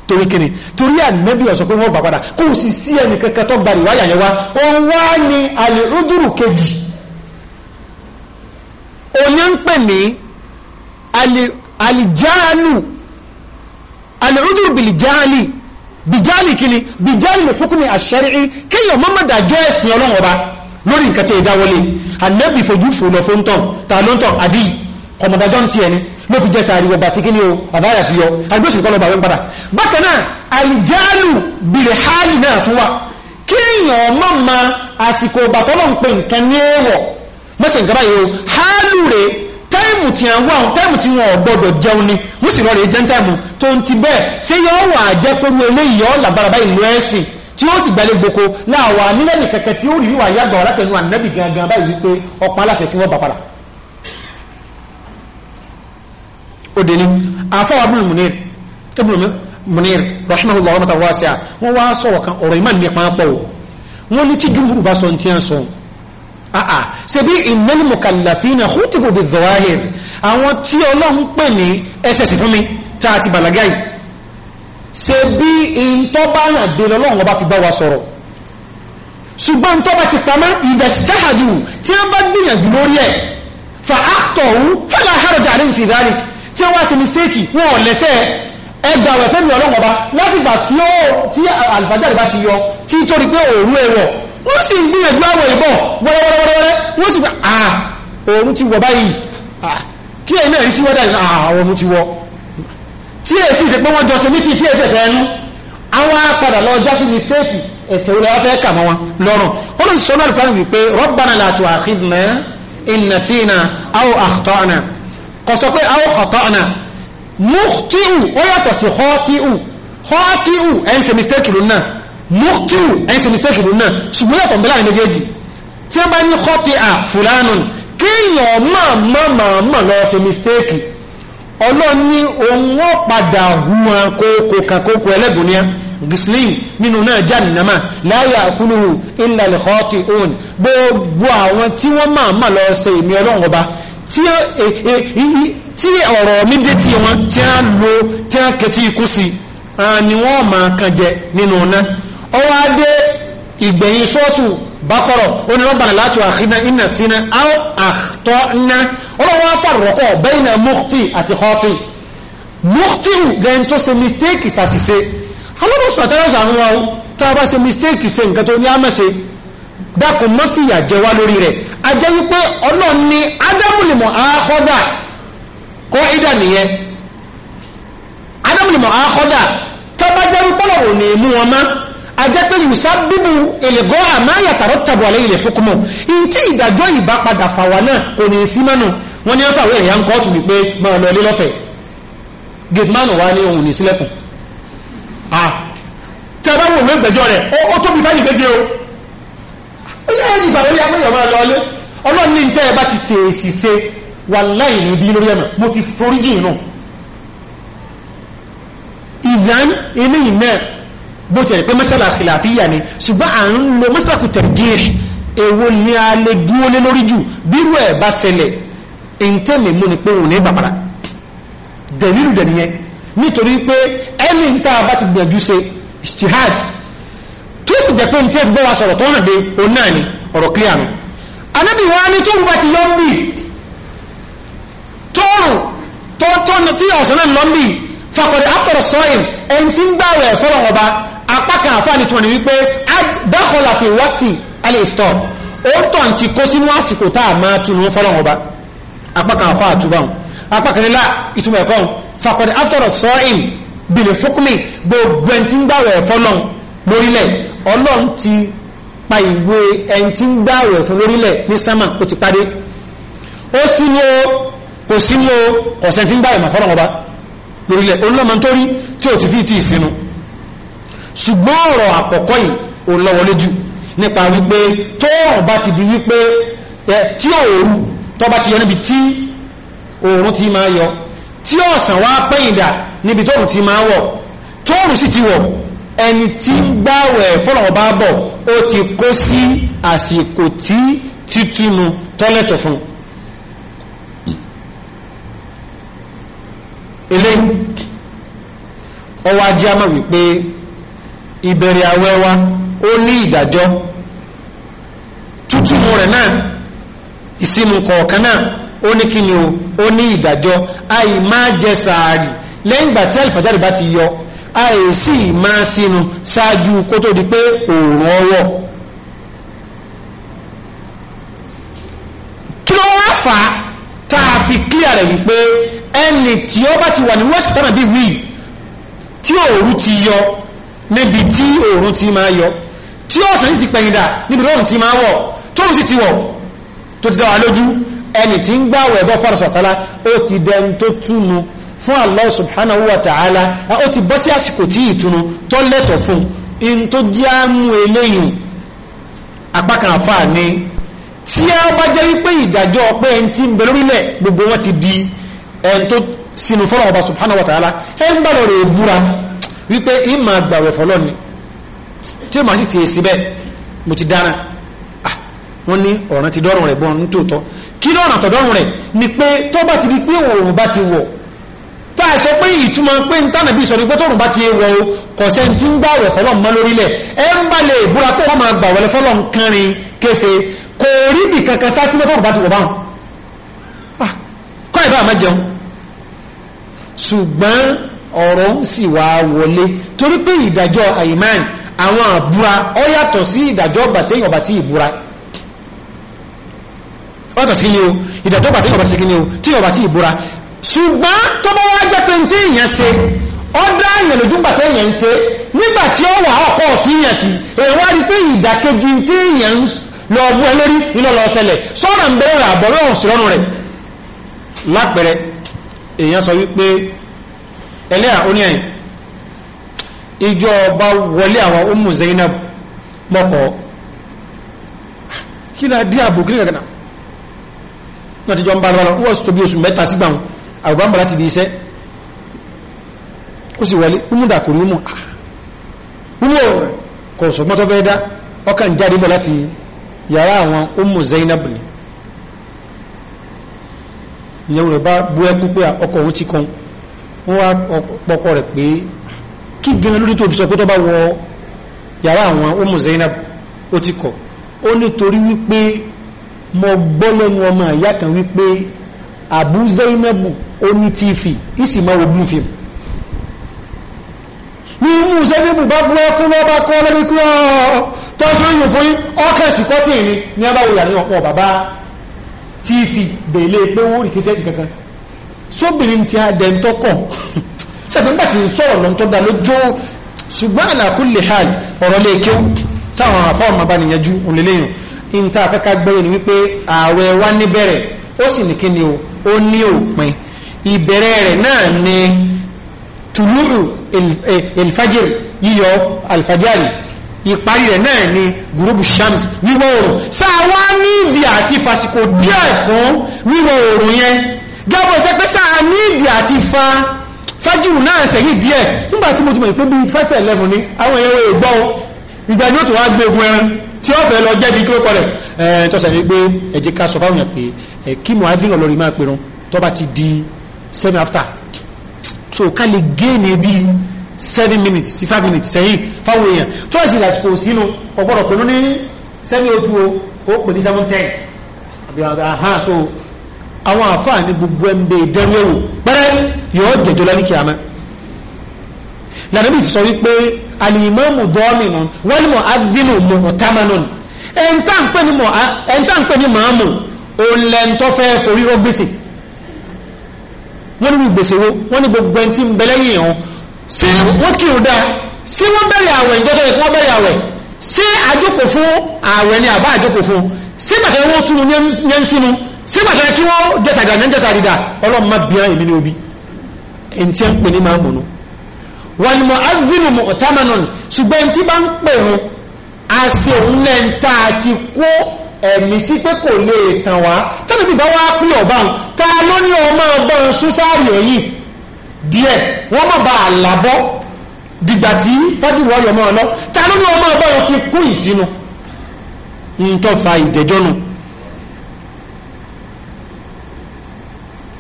torí kìnnì torí ànábì ọ̀sọ̀ pé wọ́n bà padà kò sì sí ẹnì kankan tó gba rìwáyà yẹn wá òun wá ní àlè rúdúrù kejì òní ń pè ní àlìjáàlù àlè rúdúrù bìlìjáàlì bìjálì kìíní bìjálì lè hukumi àṣẹ́rí kíyàn mọ́mọ́dà gẹ́ẹ̀sìn ọlọ́run ọba lórí nǹkan tẹ́ ìdáwọlé ànẹ́bì fojú fò lọ fún tán ta ló ń tàn àdí ọmọdájọ́ ti ẹni ló fi jẹ́sà àríwọ̀ bá ti kíní o àbáyà ti yọ agbésìn kọ́lọ̀ bàwẹ́ ń padà bákan náà àlìjálù bìrì hálì náà tún wà kíyàn mọ́ àsìkò bàtọ́lọ́ ń pè nǹkan ní èèwọ̀ mọ́sẹ̀ nǹkan báyìí o hálù rèé táìmù tí a wá táìmù tí wọn ò gbọdọ̀ jẹun ni wọ́n sì rọrẹ̀ jẹun táìmù tó ń ti bẹ́ẹ̀ ṣé yọ wà jẹ́ pẹ̀lú eléyìí ọ́ làbárabá ìlú ẹ̀sìn tí ó sì gbalẹ̀ gboko láwa nílẹ̀ ní kẹ̀kẹ́ tí ó rí wà yàgbà wà látẹnu ànábì gangan báyìí wípé ọ̀pá aláṣẹ kí wọ́n bà padà. ó dé ní àfọwọ́ abúlé munir abúlé munir rahmanahu lọ́wọ́ mọ́ta wá sí à wọ́n wá sọ̀rọ̀ kan ọ̀rọ̀ ìmáà nípa pọ̀ wọ́n ní tí jùmùrù bá sọ ní tí àà ah, ah. ṣe bí innal mukallafina khutibu bizawahir àwọn tí ọlọ́run pè ní ẹsẹ̀sì fún mi tá a ti bàlágà yìí ṣe bí ìtọ́báràn dé lọ́lọ́run ọba fi bá wa sọ̀rọ̀ ṣùgbọ́n tọ́ba ti pamọ́ ìdàṣítàhàdù tí wọ́n bá gbìyànjú lórí ẹ̀ fa àtọ̀hún fẹ́lá àhárọ̀jà àríyìn fi tí wọ́n wá sí mistéèkì wọn ò lẹ́sẹ̀ ẹgbà wẹ̀fẹ́ mi ọlọ́run ọba látìgbà tí àlùfájàre bá ti yọ tí torí pé òru ẹ̀wọ̀ wọ́n sì ń gbìyànjú àwọn ìbọn wẹ́rẹ́wẹ́rẹ́wẹ́rẹ́ wọ́n sì gbà àà ah, oòrùn ti wọ̀ báyìí ah, kí ẹ̀yìn náà rí sí wọ́dà àà ah, oòrùn ti wọ̀ tí ẹ̀ sì ṣe pé wọ́n jọ ṣe mítì tí ẹ̀ sì fẹ́ ẹnu àwọn apàdà lọ jásí mistake ẹ̀sẹ̀ olè wọ́n fẹ́ kà mọ́ wọn lọ́rùn ó lọ sí sọ́nà àlùkùránì wípé rabbana la tu'akhidhna in nasina aw akhta'na kò sọ pé aw khata'na mukhti'u ó yàtọ̀ sí khati'u khati'u ẹ̀ ń ṣe mistake lónìí náà mọ́kíù ẹ̀yìn sí mistake lónà ṣùgbọ́n yàtọ̀ ń bẹ láàrin méjèèjì tí wọ́n bá ní kọ́pì à fúlánù kéèyàn máa máa máa máa lọ ṣe mistake ọlọ́run ní òun ó padà hùwà kókó kakókó ẹlẹ́gùnníà gislin nínú náà jàǹnàmà láyà kúlùú illa lẹ́kọ́ọ̀kì òun gbogbo àwọn tí wọ́n máa máa lọ ṣe ìmí ọlọ́run ọba tí ọ̀rọ̀ mi tí wọn tí wọ́n lo tí wọ́n kẹtí ikú sí ni wọ́n máa kàn jẹ nínú náà ọwọ́ adé ìgbẹ̀yìn sọ́ọ̀tù bákọ̀rọ̀ onírọ̀bàrà láti àkínà iná síná áwọ̀ àtọ́ ná ọlọ́wọ́ afárọ̀kọ̀ bẹ́yìnà mọ́tì àti họ́tì mọ́tì gẹ̀yìn tó ṣe mistake ṣàṣìṣe alábọ̀sùn àtẹ́rẹ́sà ń wá tá a bá ṣe mistake ṣe nǹkan tó ní àmẹ́ṣe dákun mọ́fìyà jẹ wá lórí rẹ̀ a jẹ́ wípé ọlọ́run ní ádámùlìmọ̀ àákọ́dà kọ́ ìdá nìyẹn ò ní mú wọn máa ajẹ́ pé yusa bíbu ìlẹ̀gọ́ àmáyàtàrọ́ tàbí alẹ́ ilẹ̀ hukumu ntí ìdájọ́ ìbá padà fàwa náà kò ní í sí mọ́nà wọ́n ní ẹ́fà wẹ̀rẹ̀ ya ń kọ́ọ̀tù wípé máa lọ ilé lọ́fẹ̀ẹ́ gatemanu wa ní òun ní sílẹ̀kùn ah tẹ́bá wò wé gbẹ̀jọ́ rẹ̀ ó tóbi fáyì gbẹ́gẹ́ o ó ẹni ìfàwọ́rí amáyọ̀ máa lọ ilé ọlọ́run ní tẹ́ ẹ bá ti ṣe èsì ṣe wà láì ní bí lórí ẹ̀mọ̀ mo ti foríjì nù ìyá eléyìí náà bó ti rẹ̀ pé mẹ́sàlá àfìlàfíyà ni ṣùgbọ́n à ń lo mẹ́sàlá kò tẹ̀díẹ̀ èwo ni a lè dúró lé lórí jù bírú ẹ̀ bá ṣẹlẹ̀ ìǹtẹ̀mì mú ni pé òun ní bàbàrà dẹ̀lílù dẹ̀ nìyẹn nítorí pé ẹni ń tá a bá ti gbìyànjú ṣe ijtihad tó sì jẹ́ pé ní tí ẹ fi bọ́ wa sọ̀rọ̀ tó hàn dé òun náà ni ọ̀rọ̀ clear nu anábì wa ni tó ń bá ti lọ bì tóòrùn tó tó tí ọ̀sán náà lọ bì fakọ̀dé after the soil ẹni tí ń gbàwẹ̀ fọlọ́ ọba apá kan àfáàní tí wọ́n ní wípé dákọ̀lá fi wákìtì alifitọ́ ó tàn ti kó sínú àsìkò tá a máa tunu fọlọ́wọ́n ba apá kan àfáà túbà wọn apá kan nílá ìtumọ̀ ẹ̀kọ́ fakọ̀dé after all sọ́ọ̀ìm bìlì hukumi gbogbo ẹni tí ń gbàwẹ̀ fọlọ́n lórílẹ̀ ọlọ́run ti pa ìwé ẹni tí ń gbàwẹ̀ fún lórílẹ̀ ní sámà ó ti parí ó sínú o kò sínú o kọ̀sẹ̀ tí ń gbàwẹ̀ mọ̀ fọlọ́wọ́n ba lórílẹ̀ olùlọ́mọ nítorí tí ò ti fi ti ìsinú ṣùgbọ́n ọ̀rọ̀ àkọ́kọ́ yìí ò lọ́wọ́lé jù nípa wípé tó ọ̀rùn bá ti di wípé tí òòrùn tó bá ti yọ níbi tí òòrùn ti máa yọ tí ọ̀sán wá pẹ́yìndà níbi tóòrùn ti máa wọ̀ tóòrùn sì ti wọ̀ ẹni tí ń gbàwẹ̀ fọ́lọ̀ bá bọ̀ ó ti kó sí àsìkò tí títúnu tọ́lẹ̀tọ̀ fún eléyìí ọwọ́ ajé a máa wípé ìbẹ̀rẹ̀ àwẹ̀ wa ó ní ìdájọ́ tútù rẹ̀ náà ìsinmi kọ̀ọ̀kan náà ó ní kíni o ó ní ìdájọ́ àì máa jẹ sàárì lẹ́yìn ìgbà tí àlìfàjáde bá ti yọ àì sì máa sínú ṣáájú kó tó di pé òòrùn ọwọ́ kí ló wá fà á tá fi kílíà rẹ̀ wípé ẹni tí ó bá ti wà ní west tánà bí wíì tí òòrùn ti yọ níbi tí òòrùn ti máa yọ tí ọ̀sán sì pẹ̀yìn dà níbi lóòrùn ti máa wọ̀ tó sì ti wọ̀ tó ti dá lójú ẹni tí ń gbàwẹ̀ ẹ̀bọ́ fọ́rọ̀sọ̀tálá ó ti dẹni tó túnu fún Allah subhanahu wa ta'ala ó ti bọ́ sí àsìkò tí ìtùnú tó lẹ́tọ̀ fún in tó jẹ́ àmú eléyìn apá kan àfáà ni tí a bá jẹ́ wípé ìdájọ́ pé ẹni tí ń bẹ lórílẹ̀ gbogbo wọn ti di ẹni tó sínú fọ́rọ̀ ọba subhanahu wa ta'ala ẹ ń bá lọ rè búra wípé ìmọ̀ àgbàwẹ̀ fọlọ́ ni tí o máa sì ti è síbẹ̀ mo ti dára ah, wọ́n ní ọ̀ràn ti dọ́rùn rẹ̀ bọ́n nítòótọ́ kí lọ́ràn tọ̀dọ́rùn rẹ̀ ni pé tó bá ti di pé òòrùn bá ti wọ̀ tá a sọ pé ìtumọ̀ pé ń tànà bí sọ̀rọ̀ pé tóòrùn bá ti wọ̀ o kò sẹ́ni tí ń gbà wẹ̀ fọlọ́ mọ́ lórílẹ̀ ẹ ń bá lè búra pé wọ́n máa gbà wọlé fọlọ́ kẹrin kése kò rí bì kankan sá sílẹ̀ tóòrùn bá ti wọ̀ báwọn ah, kọ́ ẹ̀ bá àmọ́ jẹun ṣùgbọ́n ọ̀rọ̀ ń sì wá wọlé torí pé ìdájọ́ àyèmáàn àwọn àbúra ọ yàtọ̀ sí ìdájọ́ bàtẹ́yìn ọba tí ìbúra ọ̀tọ̀ sí ni o ìdájọ́ bàtẹ́yìn ọba sí ni o tí ọba tí ìbúra ṣùgbọ́n tó bá wá jẹ́ pé tí èèyàn ṣe ọ dá èèyàn lójú bàtẹ́ èèyàn ń ṣe nígbà tí ó wà ọkọ̀ sí èèyàn sí èèyàn wá rí pé ìdàkejì tí èèyàn lọ bú ẹ lórí nínú lọ ṣẹlẹ̀ sọ́ọ̀nà ń bẹ̀rẹ̀ àbọ̀rọ̀ ọ̀sìn rẹ̀ lápẹẹrẹ èèyàn sọ wípé ẹlẹ́à oní ẹ̀yìn ìjọ ọba wọlé àwọn ọmọ Zainab mọ́kọ̀ kí náà dí àbò kí nìkan náà ti jọ ń bá lọ́wọ́ wọ́n sì tó bí oṣù mẹ́ta sígbà wọn àrùbá ń bá láti bí iṣẹ́ ó sì wọlé umu dà ah! kò rí umu umu kò sọgbọ́n tó fẹ́ dá ọkàn jáde bọ̀ láti yàrá àwọn ọmọ Zainab ni ìyẹn rẹ̀ bá bú ẹkún pé ọkọ̀ òun ti kan wọ́n wá pọkọ rẹ̀ pé kí gan lórí tó fi sọ pé tó bá wọ yàrá àwọn ọmọ Zainab ó ti kọ̀ ó nítorí wípé mo gbọ́ lẹ́nu ọmọ ìyá kan wípé Abu Zainab ó ní tífì ìsìmọ̀ wo blue film ní mú sẹ́gbẹ̀bù bá bú ọkún lọ bá kọ́ lórí kú ọ́ tó ṣe yìí fún yí kọ́tì ìní ní abáwòyà ní ọ̀pọ̀ bàbá tífì bèèlè pé wọ́n rí kí sẹ́ẹ̀tì kankan sóbìnrin ti àdẹ̀ntọ́kọ̀ sẹ́gbẹ̀ngbà tí sọ̀rọ̀ lọ́ntọ́ dá lójó ṣùgbọ́n àlàkùnlé hàn ọ̀rọ̀ lè kí táwọn afọ́ọ̀mà bá nìyànjú òǹlẹ́lẹ́yìn in tá a fẹ́ ká gbẹ́yìn wípé ààwẹ̀ wa níbẹ̀rẹ̀ ó sì ní kíni o ó ní òpin ìbẹ̀rẹ̀ rẹ̀ náà ni tùlúrù ìlfàjìr yíyọ àlfàjárì ìparí rẹ̀ náà ni gurubu shams wíwọ̀ oòrùn sáà wá ní ìdí àti fàsìkò díẹ̀ kan wíwọ̀ oòrùn yẹn gẹ́gbọ́ sẹ́ pé sáà ní ìdí àti fa fájìwù náà sẹ́yìn díẹ̀ nígbà tí mo ti mọ̀ pé bíi five eleven ni àwọn èèyàn ò gbọ́ o ìgbà yóò tó wá gbé egun ẹran tí ó fẹ́ lọ jẹ́ bí kí ló kọ́ rẹ̀ ẹ̀ tọ́sẹ̀ ní pé ẹ jẹ́ ká sọ fáwọn èèyàn pé ẹ kí mo adínà lórí máa pẹ̀rún tó bá ti di seven after so ká lè géènì bíi seven minutes sí five minutes sẹ́yìn fáwọn èèyàn tó ẹ̀sìn àsìkò sínú ọgbọ́dọ̀ pẹ̀lú ní seven o oh two o ó pè ní seven ten àbí ahàn so àwọn àfáà ní gbogbo ẹ̀mbẹ̀ ìdẹ́rú ẹ̀wò pẹ́rẹ́ yóò jẹjọ lọ́ní kìámẹ́ lànàbí ti sọ wípé alìmọ́mù dọ́ọ̀mìnà wọ́n mọ̀ adínú mọ̀ ọ̀támanọ́nù ẹ̀ńtà ń pè ní màámù òǹlẹ̀ntọ́ fẹ́ forí rọ́ gbèsè wọ́n ní gbèsè wo wọ́n ní gbogbo ẹni tí ń bẹ lẹ́yìn ẹ̀hún sí wọ́n kí o dá sí wọ́n bẹ̀rẹ̀ àwẹ̀ ìjọ́tọ̀ ẹ̀kọ́ bẹ̀rẹ̀ àwẹ̀ sí àjókòó fún àwẹ̀ ni àbá àjókòó fún sí bàtà wọ́n túnú ní ẹ̀ sínú sígbàtọ̀ kí wọ́n jẹsàdà náà jẹsàdà ọlọ́mọ bíyàn èmi ní obi ẹni ń pè ní máa múnú wọ́n ni mọ̀ ádùnnù mọ̀ ọ̀tàmánà ṣùgbọ́n tí bá ń pè wọn a ṣe òun lẹ́ń tá a ti kó ẹ̀mí sí pé kò lè tàn wá tẹ́lẹ̀ bí bá wá pé ọ̀bá wọn ta ló ní ọmọ ọgbọ́n sùsáàrì ẹ̀yìn díẹ̀ wọ́n mọ̀ bá a làbọ́ dìgbà tí fájúwọ́ yọmọ ọlọ́ ta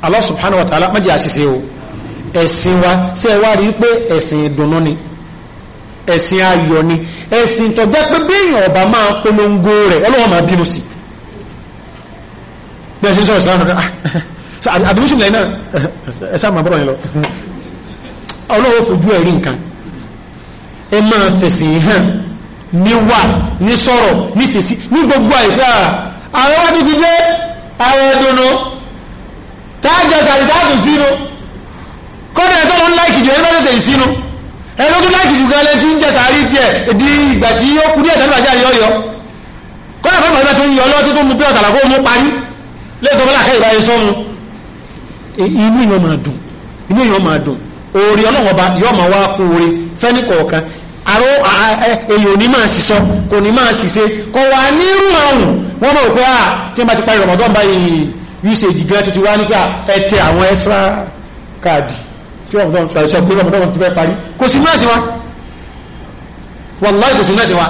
Allah subhanahu wa ta'ala májì àṣìṣe o ẹ̀sìn wa ṣe ẹ wá rí i pé ẹ̀sìn ìdùnnú ni ẹ̀sìn ayọ̀ ni ẹ̀sìn tó jẹ́ pé béèyàn ọba máa polongo rẹ̀ ọlọ́wọ́ máa bínú sí bí ẹ ṣe ń sọ̀rọ̀ síláàmù náà ah, àdìmísùn lẹ́yìn náà ẹ sáà máa bọ̀rọ̀ yẹn lọ ọlọ́wọ́ fojú ẹ̀ rí nǹkan ẹ máa fẹ̀sìn hàn ní wà ní sọ̀rọ̀ ní sèṣì ní gbogbo àìpẹ́ àwọn àti ti dé àwọn ẹdùnnú táàjọ sàrí táàtù sínú kọ́nà ẹ̀ tó lọ ń láìkì jù ẹ̀ mẹ́tẹ̀ẹ̀ sínú ẹ̀ ló tún láìkì jù gan lẹ́tí ń jẹ sàrí tiẹ̀ di ìgbà tí ó kú díẹ̀ tẹ́lẹ̀ bàjẹ́ àríyọ́ yọ kọ́nà fẹ́ bàbá tó ń yọ lọ́wọ́ tó tó ń mu pé ọ̀tàlà kó mú parí lẹ́tọ̀ bọ́lá kẹ́ ìbáyé sọ́mu e, inú èèyàn máa dùn inú èèyàn máa dùn oore ọlọ́wọ́ ba yọ máa wá kún oore fẹ́ni kọ̀ọ̀kan àrò èèyàn ní máa sísọ kò ní máa síse kọ̀ wà ní rúrọ̀rùn wọ́n mọ̀ pé à tí wọ́n bá ti parí rọ̀mọ́dọ́n báyìí usage gan tuntun wá nígbà ẹtẹ àwọn extra káàdì tí wọ́n fọ́n sọ pé ọmọdé ti fẹ́ parí kò sí mẹ́sìn wa wàláì kò sí mẹ́sìn wa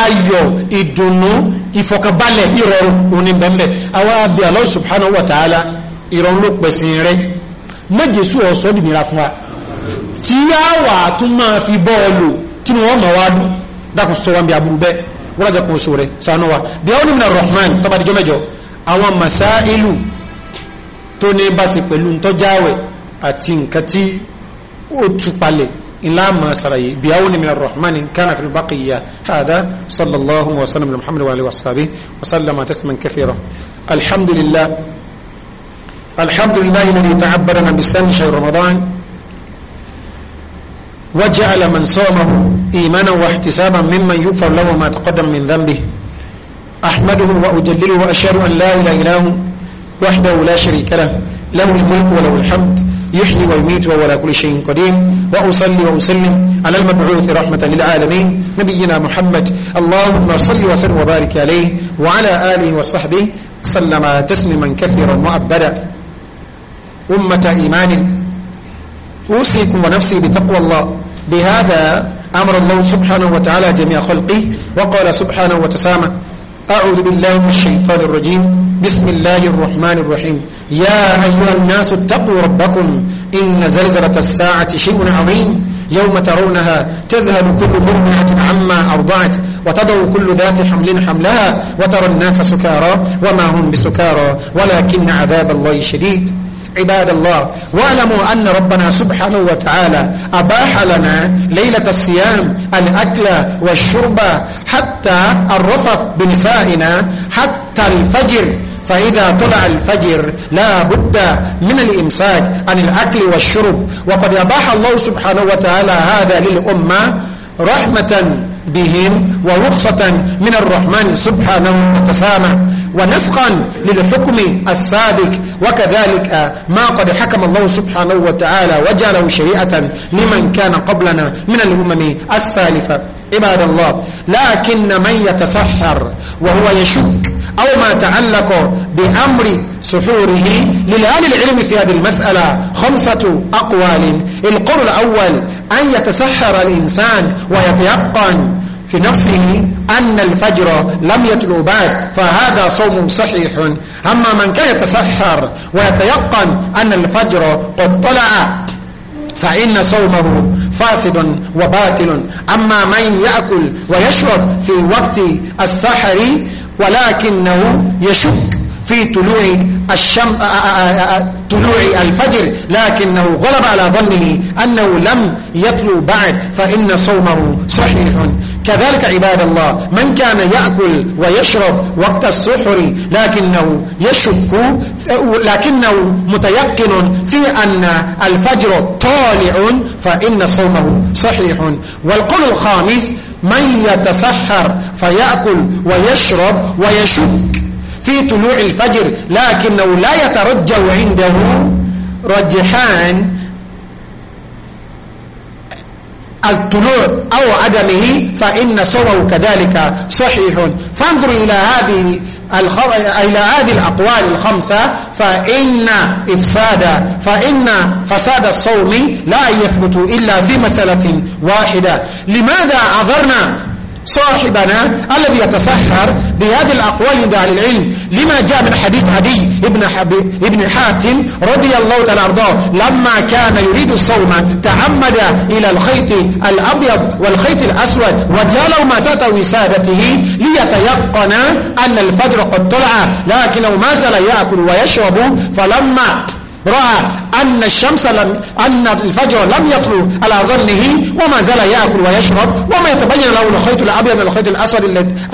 ayọ̀ ìdùnnú ìfọ̀kànbalẹ̀ ìrọ̀rùn òní bẹ́ẹ̀ àwa abẹ́ Allah subhanahu wa ta'ala ìrọ̀rùn ló pẹ̀sìn rẹ wa tí a wà tún máa fi bọ́ọ̀lù tí wọ́n wa bí aburú rahman tọ́ba díjọ́ àwọn masailu tó ní bá sí pẹ̀lú ntọ́jáwẹ̀ àti nǹkan tí ó tupalẹ̀ ńlá máa sàràyè bí àwọn onímọ̀ rahman kánà fi baqiya hada sallallahu wa sallam muhammadu wa alayhi wa sallam wa sallam wa tasman kathira alhamdulillah وجعل من صامه إيمانا واحتسابا ممن يغفر له ما تقدم من ذنبه أحمده وأجلله وأشهد أن لا إله إلا هو وحده لا شريك له له الملك وله الحمد يحيي ويميت وهو على كل شيء قدير وأصلي وأسلم على المبعوث رحمة للعالمين نبينا محمد اللهم صل وسلم وبارك عليه وعلى آله وصحبه سلم تسليما كثيرا معبدا أمة إيمان أوصيكم ونفسي بتقوى الله بهذا أمر الله سبحانه وتعالى جميع خلقه وقال سبحانه وتسامى أعوذ بالله من الشيطان الرجيم بسم الله الرحمن الرحيم يا أيها الناس اتقوا ربكم إن زلزلة الساعة شيء عظيم يوم ترونها تذهل كل مرمعة عما أرضعت وتضع كل ذات حمل حملها وترى الناس سكارى وما هم بسكارى ولكن عذاب الله شديد عباد الله واعلموا أن ربنا سبحانه وتعالى أباح لنا ليلة الصيام الأكل والشرب حتى الرفف بنسائنا حتى الفجر فإذا طلع الفجر لا بد من الإمساك عن الأكل والشرب وقد أباح الله سبحانه وتعالى هذا للأمة رحمة بهم ورخصة من الرحمن سبحانه وتسامح ونسخا للحكم السابق وكذلك ما قد حكم الله سبحانه وتعالى وجعله شريعة لمن كان قبلنا من الأمم السالفة عباد الله لكن من يتسحر وهو يشك أو ما تعلق بأمر سحوره للأهل العلم في هذه المسألة خمسة أقوال القول الأول أن يتسحر الإنسان ويتيقن في نفسه أن الفجر لم يتلو بعد فهذا صوم صحيح أما من كان يتسحر ويتيقن أن الفجر قد طلع فإن صومه فاسد وباطل أما من يأكل ويشرب في وقت السحر ولكنه يشك في طلوع الشم طلوع الفجر لكنه غلب على ظنه أنه لم يطلو بعد فإن صومه صحيح كذلك عباد الله من كان يأكل ويشرب وقت السحر لكنه يشك لكنه متيقن في أن الفجر طالع فإن صومه صحيح والقول الخامس من يتسحر فيأكل ويشرب ويشك في طلوع الفجر لكنه لا يترجى عنده رجحان الطلوع أو عدمه فإن صوره كذلك صحيح فانظر إلى هذه الخر... إلى هذه الأقوال الخمسة فإن إفساد فإن فساد الصوم لا يثبت إلا في مسألة واحدة لماذا عذرنا صاحبنا الذي يتسحر بهذه الأقوال عند أهل العلم لما جاء من حديث عدي ابن, ابن حاتم رضي الله تعالى عنه لما كان يريد الصوم تعمد إلى الخيط الأبيض والخيط الأسود وجعله ما تحت وسادته ليتيقن أن الفجر قد طلع لكنه ما زال يأكل ويشرب فلما رأى أن الشمس لم أن الفجر لم يطلع على ظنه وما زال يأكل ويشرب وما يتبين له الخيط الأبيض من الخيط الأسود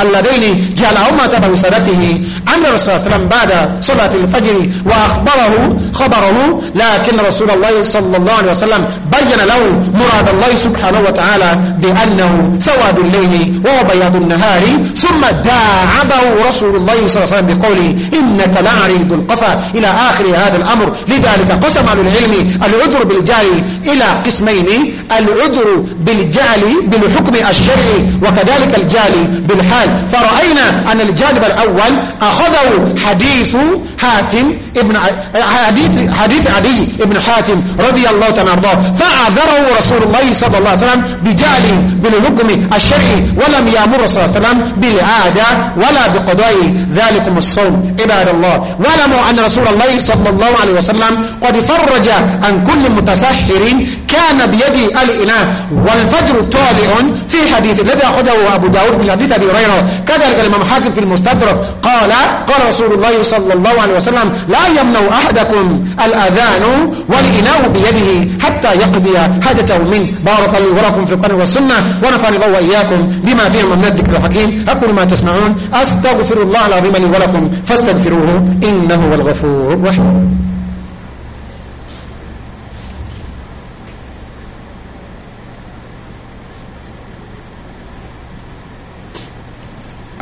اللذين جعلهما تبع سنته أن الرسول صلى الله عليه وسلم بعد صلاة الفجر وأخبره خبره لكن رسول الله صلى الله عليه وسلم بين له مراد الله سبحانه وتعالى بأنه سواد الليل وبياض النهار ثم داعبه رسول الله صلى الله عليه وسلم بقوله إنك لعريض القفا إلى آخر هذا الأمر لذلك قسم طبعا العلم العذر بالجعل إلى قسمين العذر بالجعل بالحكم الشرعي وكذلك الجعل بالحال فرأينا أن الجانب الأول أخذه حديث حاتم ابن حديث حديث عدي ابن حاتم رضي الله تعالى عنه فأعذره رسول الله صلى الله عليه وسلم بجعل بالحكم الشرعي ولم يأمر صلى الله عليه وسلم بالعادة ولا بقضاء ذلكم الصوم عباد الله واعلموا أن رسول الله صلى الله عليه وسلم قد فرض تفرج عن كل متسحر كان بيده الإناء والفجر طالع في حديث الذي أخذه أبو داود من حديث أبي هريرة كذلك الإمام حاكم في المستدرك قال قال رسول الله صلى الله عليه وسلم لا يمنع أحدكم الأذان والإناء بيده حتى يقضي حاجته منه بارك الله ولكم في القرآن والسنة ونفعني الله وإياكم بما فيه من الذكر الحكيم أقول ما تسمعون أستغفر الله العظيم لي ولكم فاستغفروه إنه هو الغفور الرحيم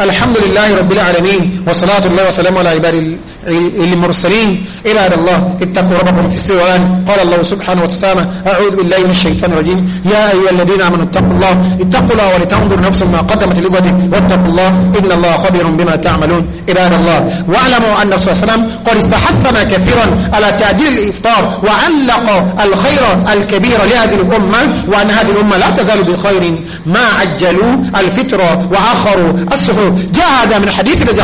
الحمد لله رب العالمين والصلاة الله وسلام على عباد الله المرسلين عباد الله اتقوا ربكم في السر قال الله سبحانه وتعالى أعوذ بالله من الشيطان الرجيم يا أيها الذين آمنوا اتقوا الله اتقوا الله ولتنظر نفس ما قدمت لغده واتقوا الله إن الله خبير بما تعملون عباد الله واعلموا أن صلى الله عليه وسلم قد استحثنا كثيرا على تعديل الإفطار وعلق الخير الكبير لهذه الأمة وأن هذه الأمة لا تزال بخير ما عجلوا الفطرة وآخروا السحور جاء هذا من حديث الذي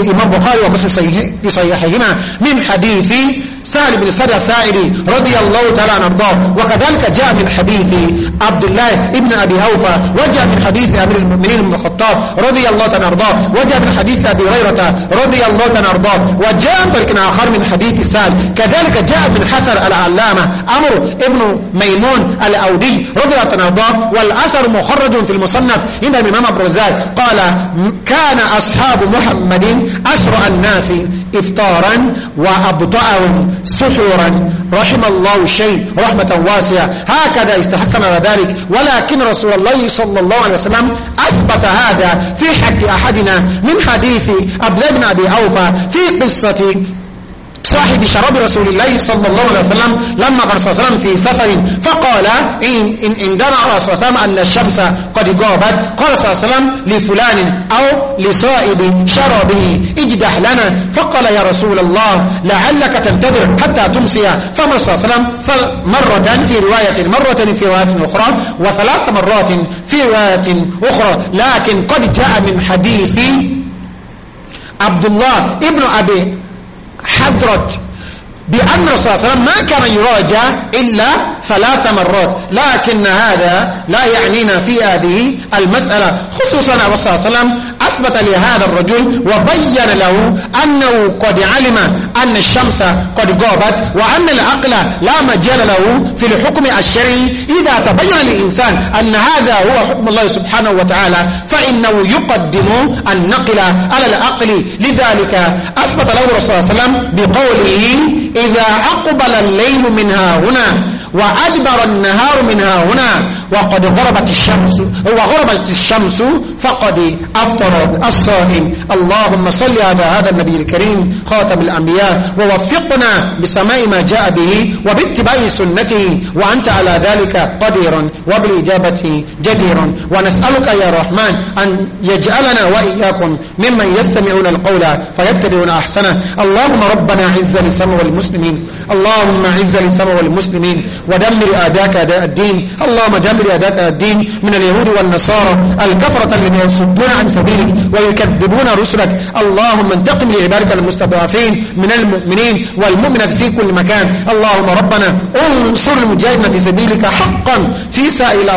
الإمام بخاري ومسلم سيئه في صحيحهما من حديث سهل بن سعد سائري رضي الله تعالى عنه وارضاه وكذلك جاء من حديث عبد الله ابن ابي اوفى وجاء من حديث امير المؤمنين بن الخطاب رضي الله تعالى عنه وجاء من حديث ابي هريره رضي الله تعالى عنه وجاء من طريق اخر من حديث سال كذلك جاء من حسر العلامه أمر ابن ميمون الاودي رضي الله تعالى عنه والاثر مخرج في المصنف عند الامام ابو الرزاق قال كان اصحاب محمد اسرع الناس افطارا وابطاهم سحورا رحم الله شيء رحمة واسعة هكذا استحثنا ذلك ولكن رسول الله صلى الله عليه وسلم أثبت هذا في حق أحدنا من حديث أبلغنا بأوفى في قصة صاحب شراب رسول الله صلى الله عليه وسلم لما قال صلى الله عليه وسلم في سفر فقال إن إن إن رأى صلى الله عليه وسلم أن الشمس قد غابت قال صلى الله عليه وسلم لفلان أو لصائب شرابه اجدح لنا فقال يا رسول الله لعلك تنتظر حتى تمسي فمر صلى الله عليه وسلم مرة في رواية مرة في رواية أخرى وثلاث مرات في رواية أخرى لكن قد جاء من حديث عبد الله ابن أبي حضرت بأن الرسول صلى الله عليه وسلم ما كان يراجع إلا ثلاث مرات لكن هذا لا يعنينا في هذه المسألة خصوصا الرسول صلى الله عليه وسلم أثبت لهذا الرجل وبين له أنه قد علم أن الشمس قد غابت وأن العقل لا مجال له في الحكم الشرعي إذا تبين للإنسان أن هذا هو حكم الله سبحانه وتعالى فإنه يقدم النقل على العقل لذلك أثبت له الرسول صلى الله عليه وسلم بقوله إذا أقبل الليل منها هنا وأدبر النهار من هنا وقد غربت الشمس وغربت الشمس فقد أفطر الصائم اللهم صل على هذا النبي الكريم خاتم الأنبياء ووفقنا بسماع ما جاء به وباتباع سنته وأنت على ذلك قدير وبالإجابة جدير ونسألك يا رحمن أن يجعلنا وإياكم ممن يستمعون القول فيتبعون أحسنه اللهم ربنا عز لسمو المسلمين اللهم عز لسمو المسلمين ودمر أعداءك اداء الدين اللهم دمر أعداءك الدين من اليهود والنصارى الكفرة الذين يصدون عن سبيلك ويكذبون رسلك اللهم انتقم لعبادك المستضعفين من المؤمنين والمؤمنات في كل مكان اللهم ربنا انصر المجاهدين في سبيلك حقا في سائل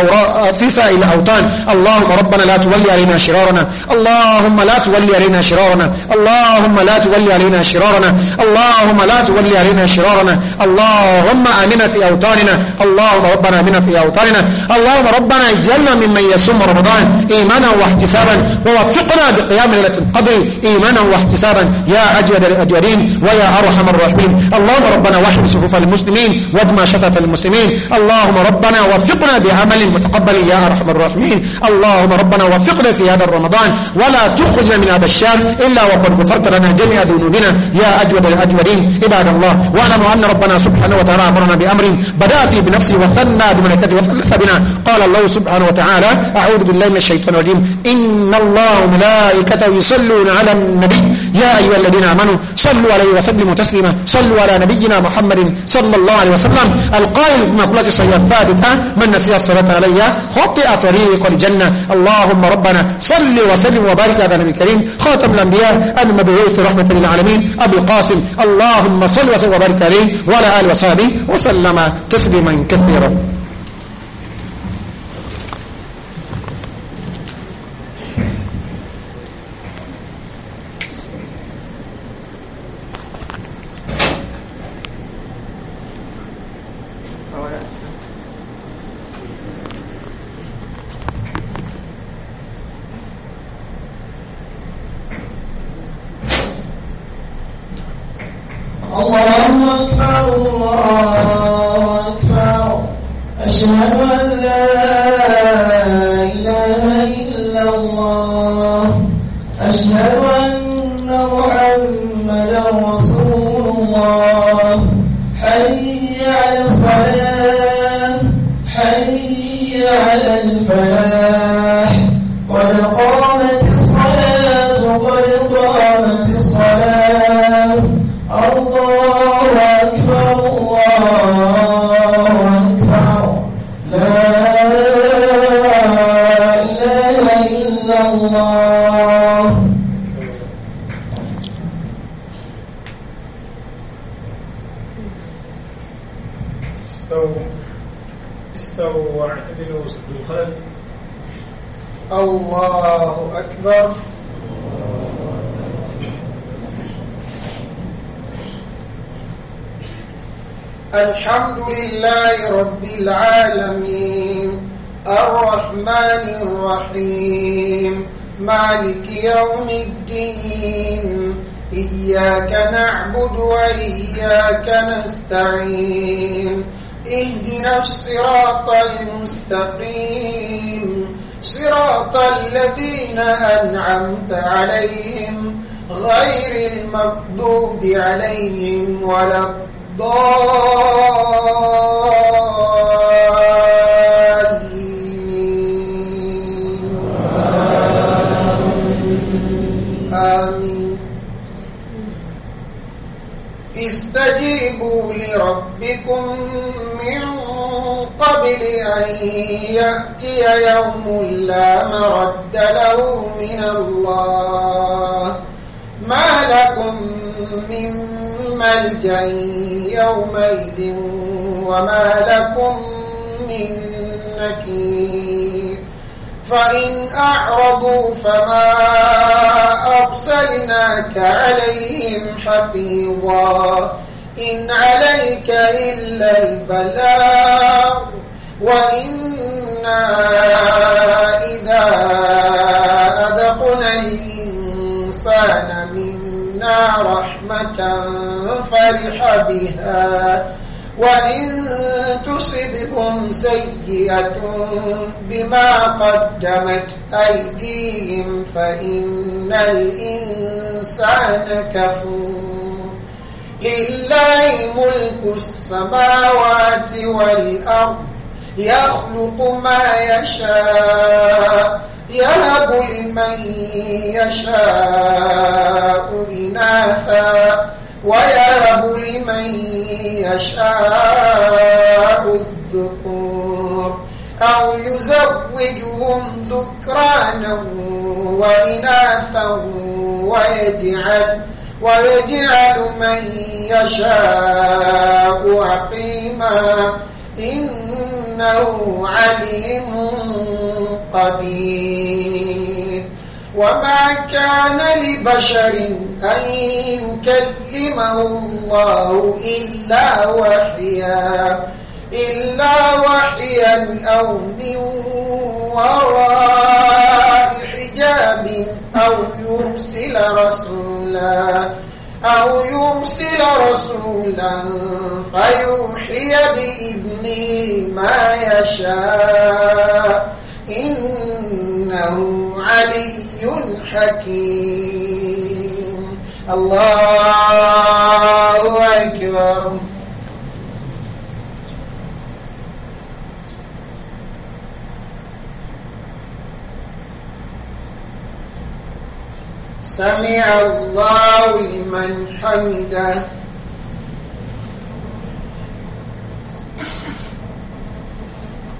في سائل الأوطان اللهم ربنا لا تولي علينا شرارنا اللهم لا تولي علينا شرارنا اللهم لا تولي علينا شرارنا اللهم لا تولي علينا شرارنا اللهم آمنا في أوطان أوطاننا اللهم ربنا منا في أوطاننا اللهم ربنا اجعلنا ممن يصوم رمضان إيمانا واحتسابا ووفقنا بقيام ليلة القدر إيمانا واحتسابا يا أجود الأجودين ويا أرحم الراحمين اللهم ربنا واحد صفوف المسلمين وادمى شتات المسلمين اللهم ربنا وفقنا بعمل متقبل يا أرحم الراحمين اللهم ربنا وفقنا في هذا رمضان ولا تخرجنا من هذا الشهر إلا وقد غفرت لنا جميع ذنوبنا يا أجود الأجودين عباد الله واعلموا أن ربنا سبحانه وتعالى أمرنا بأمر بدأ في بنفسه وثنى بملائكته وثلث بنا قال الله سبحانه وتعالى أعوذ بالله من الشيطان الرجيم إن الله ملائكته يصلون على النبي يا أيها الذين آمنوا صلوا عليه وسلموا تسليما صلوا على نبينا محمد صلى الله عليه وسلم القائل قلت الصحيحة الثابتة من نسي الصلاة علي خطئ طريق الجنة اللهم ربنا صل وسلم وبارك على النبي الكريم خاتم الأنبياء المبعوث رحمة للعالمين أبو القاسم اللهم صل وسلم وبارك عليه وعلى آله وصحبه وسلم تسليما كثيرا فإن أعرضوا فما أرسلناك عليهم حفيظا إن عليك إلا البلاء وإنا إذا أذقنا الإنسان منا رحمة فرح بها وإن تصبهم سيئة بما قدمت أيديهم فإن الإنسان كفور لله ملك السماوات والأرض يخلق ما يشاء يهب لمن يشاء إناثا ويهب لمن يشاء الذكور أو يزوجهم ذكرانا وإناثا ويجعل ويجعل من يشاء عقيما إنه عليم قدير وما كان لبشر أن يكلمه الله إلا وحيا إلا وحيا أو من وراء حجاب أو يرسل رسولا أو يرسل رسولا فيوحي بإذنه ما يشاء إن إنه علي حكيم الله أكبر سمع الله لمن حمده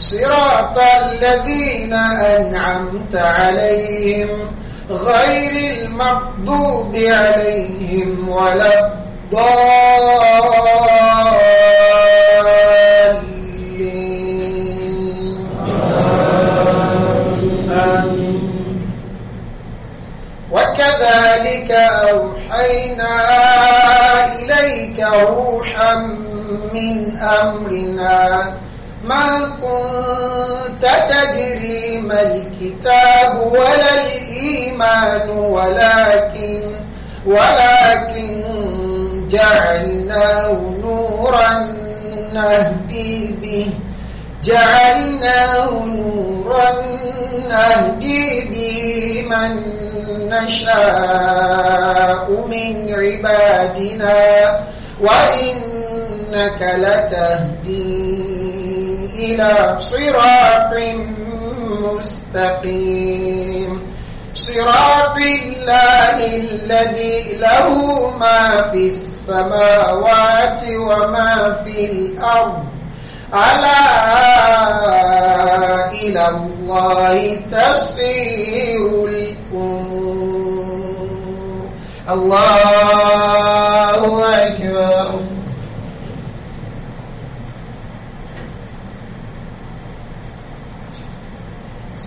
صراط الذين أنعمت عليهم غير المقضوب عليهم ولا الضالين وكذلك أوحينا إليك روحا من أمرنا ما كنت تدري ما الكتاب ولا الإيمان ولكن ولكن جعلناه نورا نهدي به جعلناه نورا نهدي به من نشاء من عبادنا وإنك لتهدي إلى صراط مستقيم صراط الله الذي له ما في السماوات وما في الأرض على إلى الله تصير الأمور الله أكبر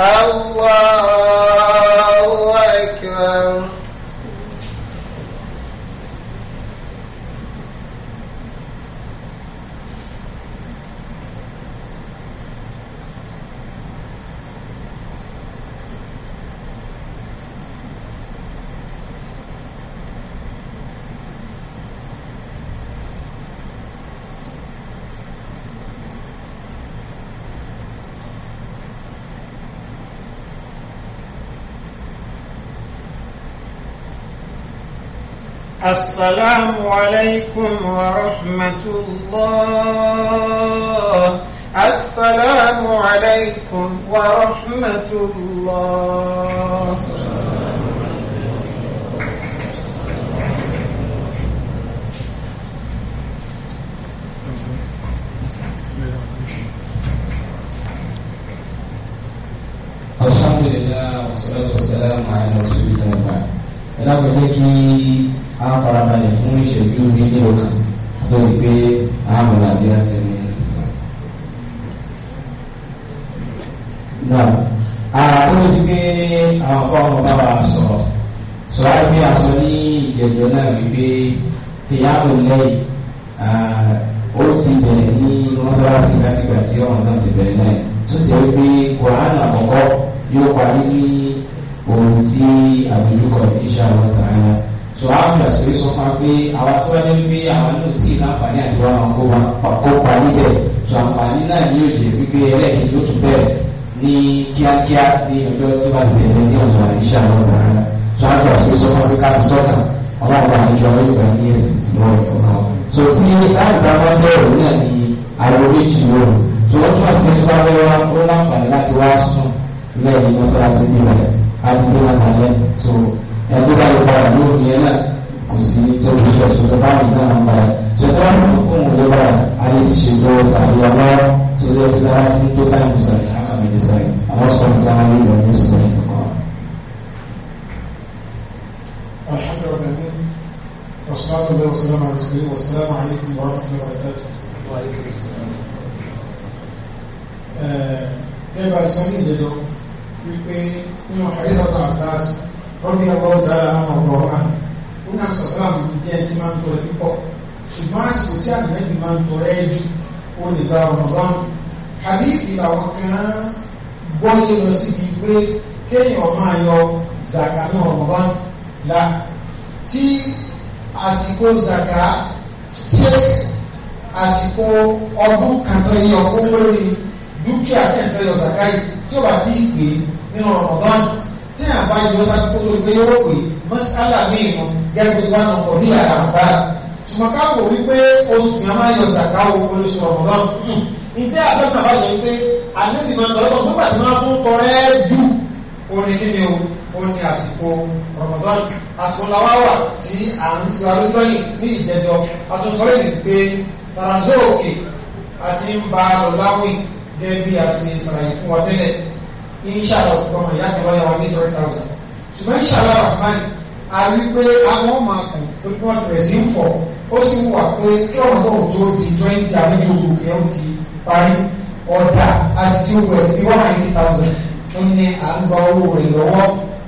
الله السلام عليكم ورحمة الله السلام عليكم ورحمة الله الحمد لله والصلاة والسلام على رسول الله. أنا أقول لك á farabalẹ̀ fún ìṣẹ́jú ní nílò kan lórí pé àmọ̀ àbí àti ní. náà àwọn ojú pé àwọn fọ́ọ̀mù bá wa sọ̀rọ̀ sọ̀rọ̀ á gbé aṣọ ní ìjẹ̀jọ́ náà wípé fìyàwó lẹ́yìn ó ti bẹ̀rẹ̀ ní mọ́sálásí látìgbà tí ọ̀hún náà ti bẹ̀rẹ̀ náà tó ti rí pé kòránù àkọ́kọ́ yóò parí ní ohun tí àbójúkọ ìṣàlọ́ tààrà so àwọn fi àsìkò yìí sọ fún wa pé àwa tó wájú pé àwa náà tí ìlú so àǹfààní náà ní òjì gbígbé ẹlẹ́ẹ̀kejì ó tún bẹ̀rẹ̀ ní kíákíá ní ọjọ́ tó bá so àwọn fi àsìkò yìí sọ fún wa pé ká fi sọ́kà ọlọ́run bá ìjọ so tí láìpẹ́ wọn bẹ̀rẹ̀ náà ní ariwo méjì so wọ́n tún àsìkò yìí wá wẹ́wà ó láǹfààní láti wá sùn lẹ́yìn mọ́sálásí nílẹ̀ àti bí so ẹjọ́ bá lè padà ní òbí ẹ̀ náà kò sí ní tó fi ṣọ̀ṣọ̀ tó bá nìkan náà bá yẹ ṣètò wọn kò fún òun lọ́wọ́ ayé ti ṣe lọ́wọ́ sàbí ọmọ torí ẹbí táwa ti ń tó báyìí sọ̀rọ̀ àkàmìlì sọ̀rọ̀ àwọn sọ̀rọ̀ táwa ní ìlọ ní sọ̀rọ̀ nìkan. alhamdulilayi wasalaatu alayhi lọ́dí ọlọ́wọ́ dára àwọn ọ̀rọ̀ ọ̀hán ó náà sọ̀sọ́lá mi bí ẹni tí máa ń tọrẹ púpọ̀ ṣùgbọ́n àsìkò tí àgbẹ̀bí máa ń tọrẹ jù ó lè gba ọ̀nà báwọn hadithi làwọn kan gbọ́yé lọ síbi pé kéèyàn la tí àsìkò zàkà tí àsìkò ọdún kan tó yẹ ọkọ lórí dúkìá tẹ̀ fẹ́ yọ zàkà yìí tí ó bá sí ìpè nínú ọ̀nà báwọn tí a bá yọ sáàkó tó gbé yóò pè mọ́sálà míì mọ́ gẹ́gẹ́ sí wọn ọkọ̀ ní yàrá bàbáàsì ṣùgbọ́n káàbọ̀ wípé oṣù tí a máa yọ sàkà owó oṣù ọ̀mọ̀dán ìtẹ́ àgbẹ̀kan bá sọ wípé àdébì máa ń tọ́lọ́ bọ̀ nígbà tí wọ́n tún kọ rẹ́ jù orin kíni o orin àsìkò ọ̀mọ̀dán àsìkò làwa wà tí à ń sọ lóyìn ní ìjẹjọ inṣàlá ọ̀gbọ́n ìyá mi lọ́yà wa ní three thousand ṣùgbọ́n inṣàlá rahman a rí pé àwọn ọmọ akùn olùkọ́ rẹ̀ sí ń fọ̀ ó sì ń wà pé kí ọ̀nà náà tó di twenty àbíjú òkè ó ti parí ọ̀dà àti us bí one ninety thousand ó ní à ń gba owó rẹ̀ lọ́wọ́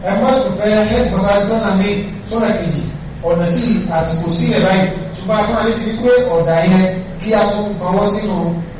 ẹ má sùn fẹ́ ẹ gbọ́sá sí lọ́nà mi sọ́nà kejì ọ̀nà sí àsìkò sílẹ̀ báyìí ṣùgbọ́n àtúnwá létí wípé ọ̀dà yẹn kí a tún gbọ́wọ́ sínú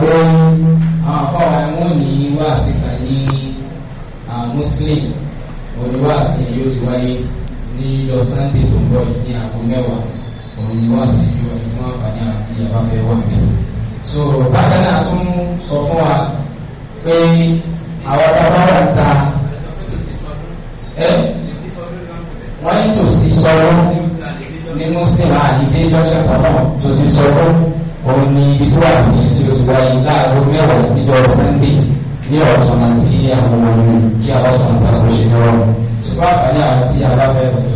pé àwọn afọwọ́ ẹ̀wọ̀n ní wáàsí kan muslim oníwáàsí yóò ti wáyé ní lọ sunday tó ń bọ̀ ní aago mẹ́wàá oníwáàsí yóò wáyé fún àǹfààní àti abáfẹ́ wà bẹ́ẹ̀. so bákan náà tún sọ fún wa pé àwọn bàbá wà ń ta wọ́n ń tòsí sọ́rọ́ ní muslim àdìdé lọ́sẹ̀ pàpọ̀ tòsí sọ́rọ́ òun ni ibi tí wàá sí tí o ti wáyé láàárọ̀ mẹ́wàá níjọ́ sunday ní ọ̀sán àti àwọn ohun kí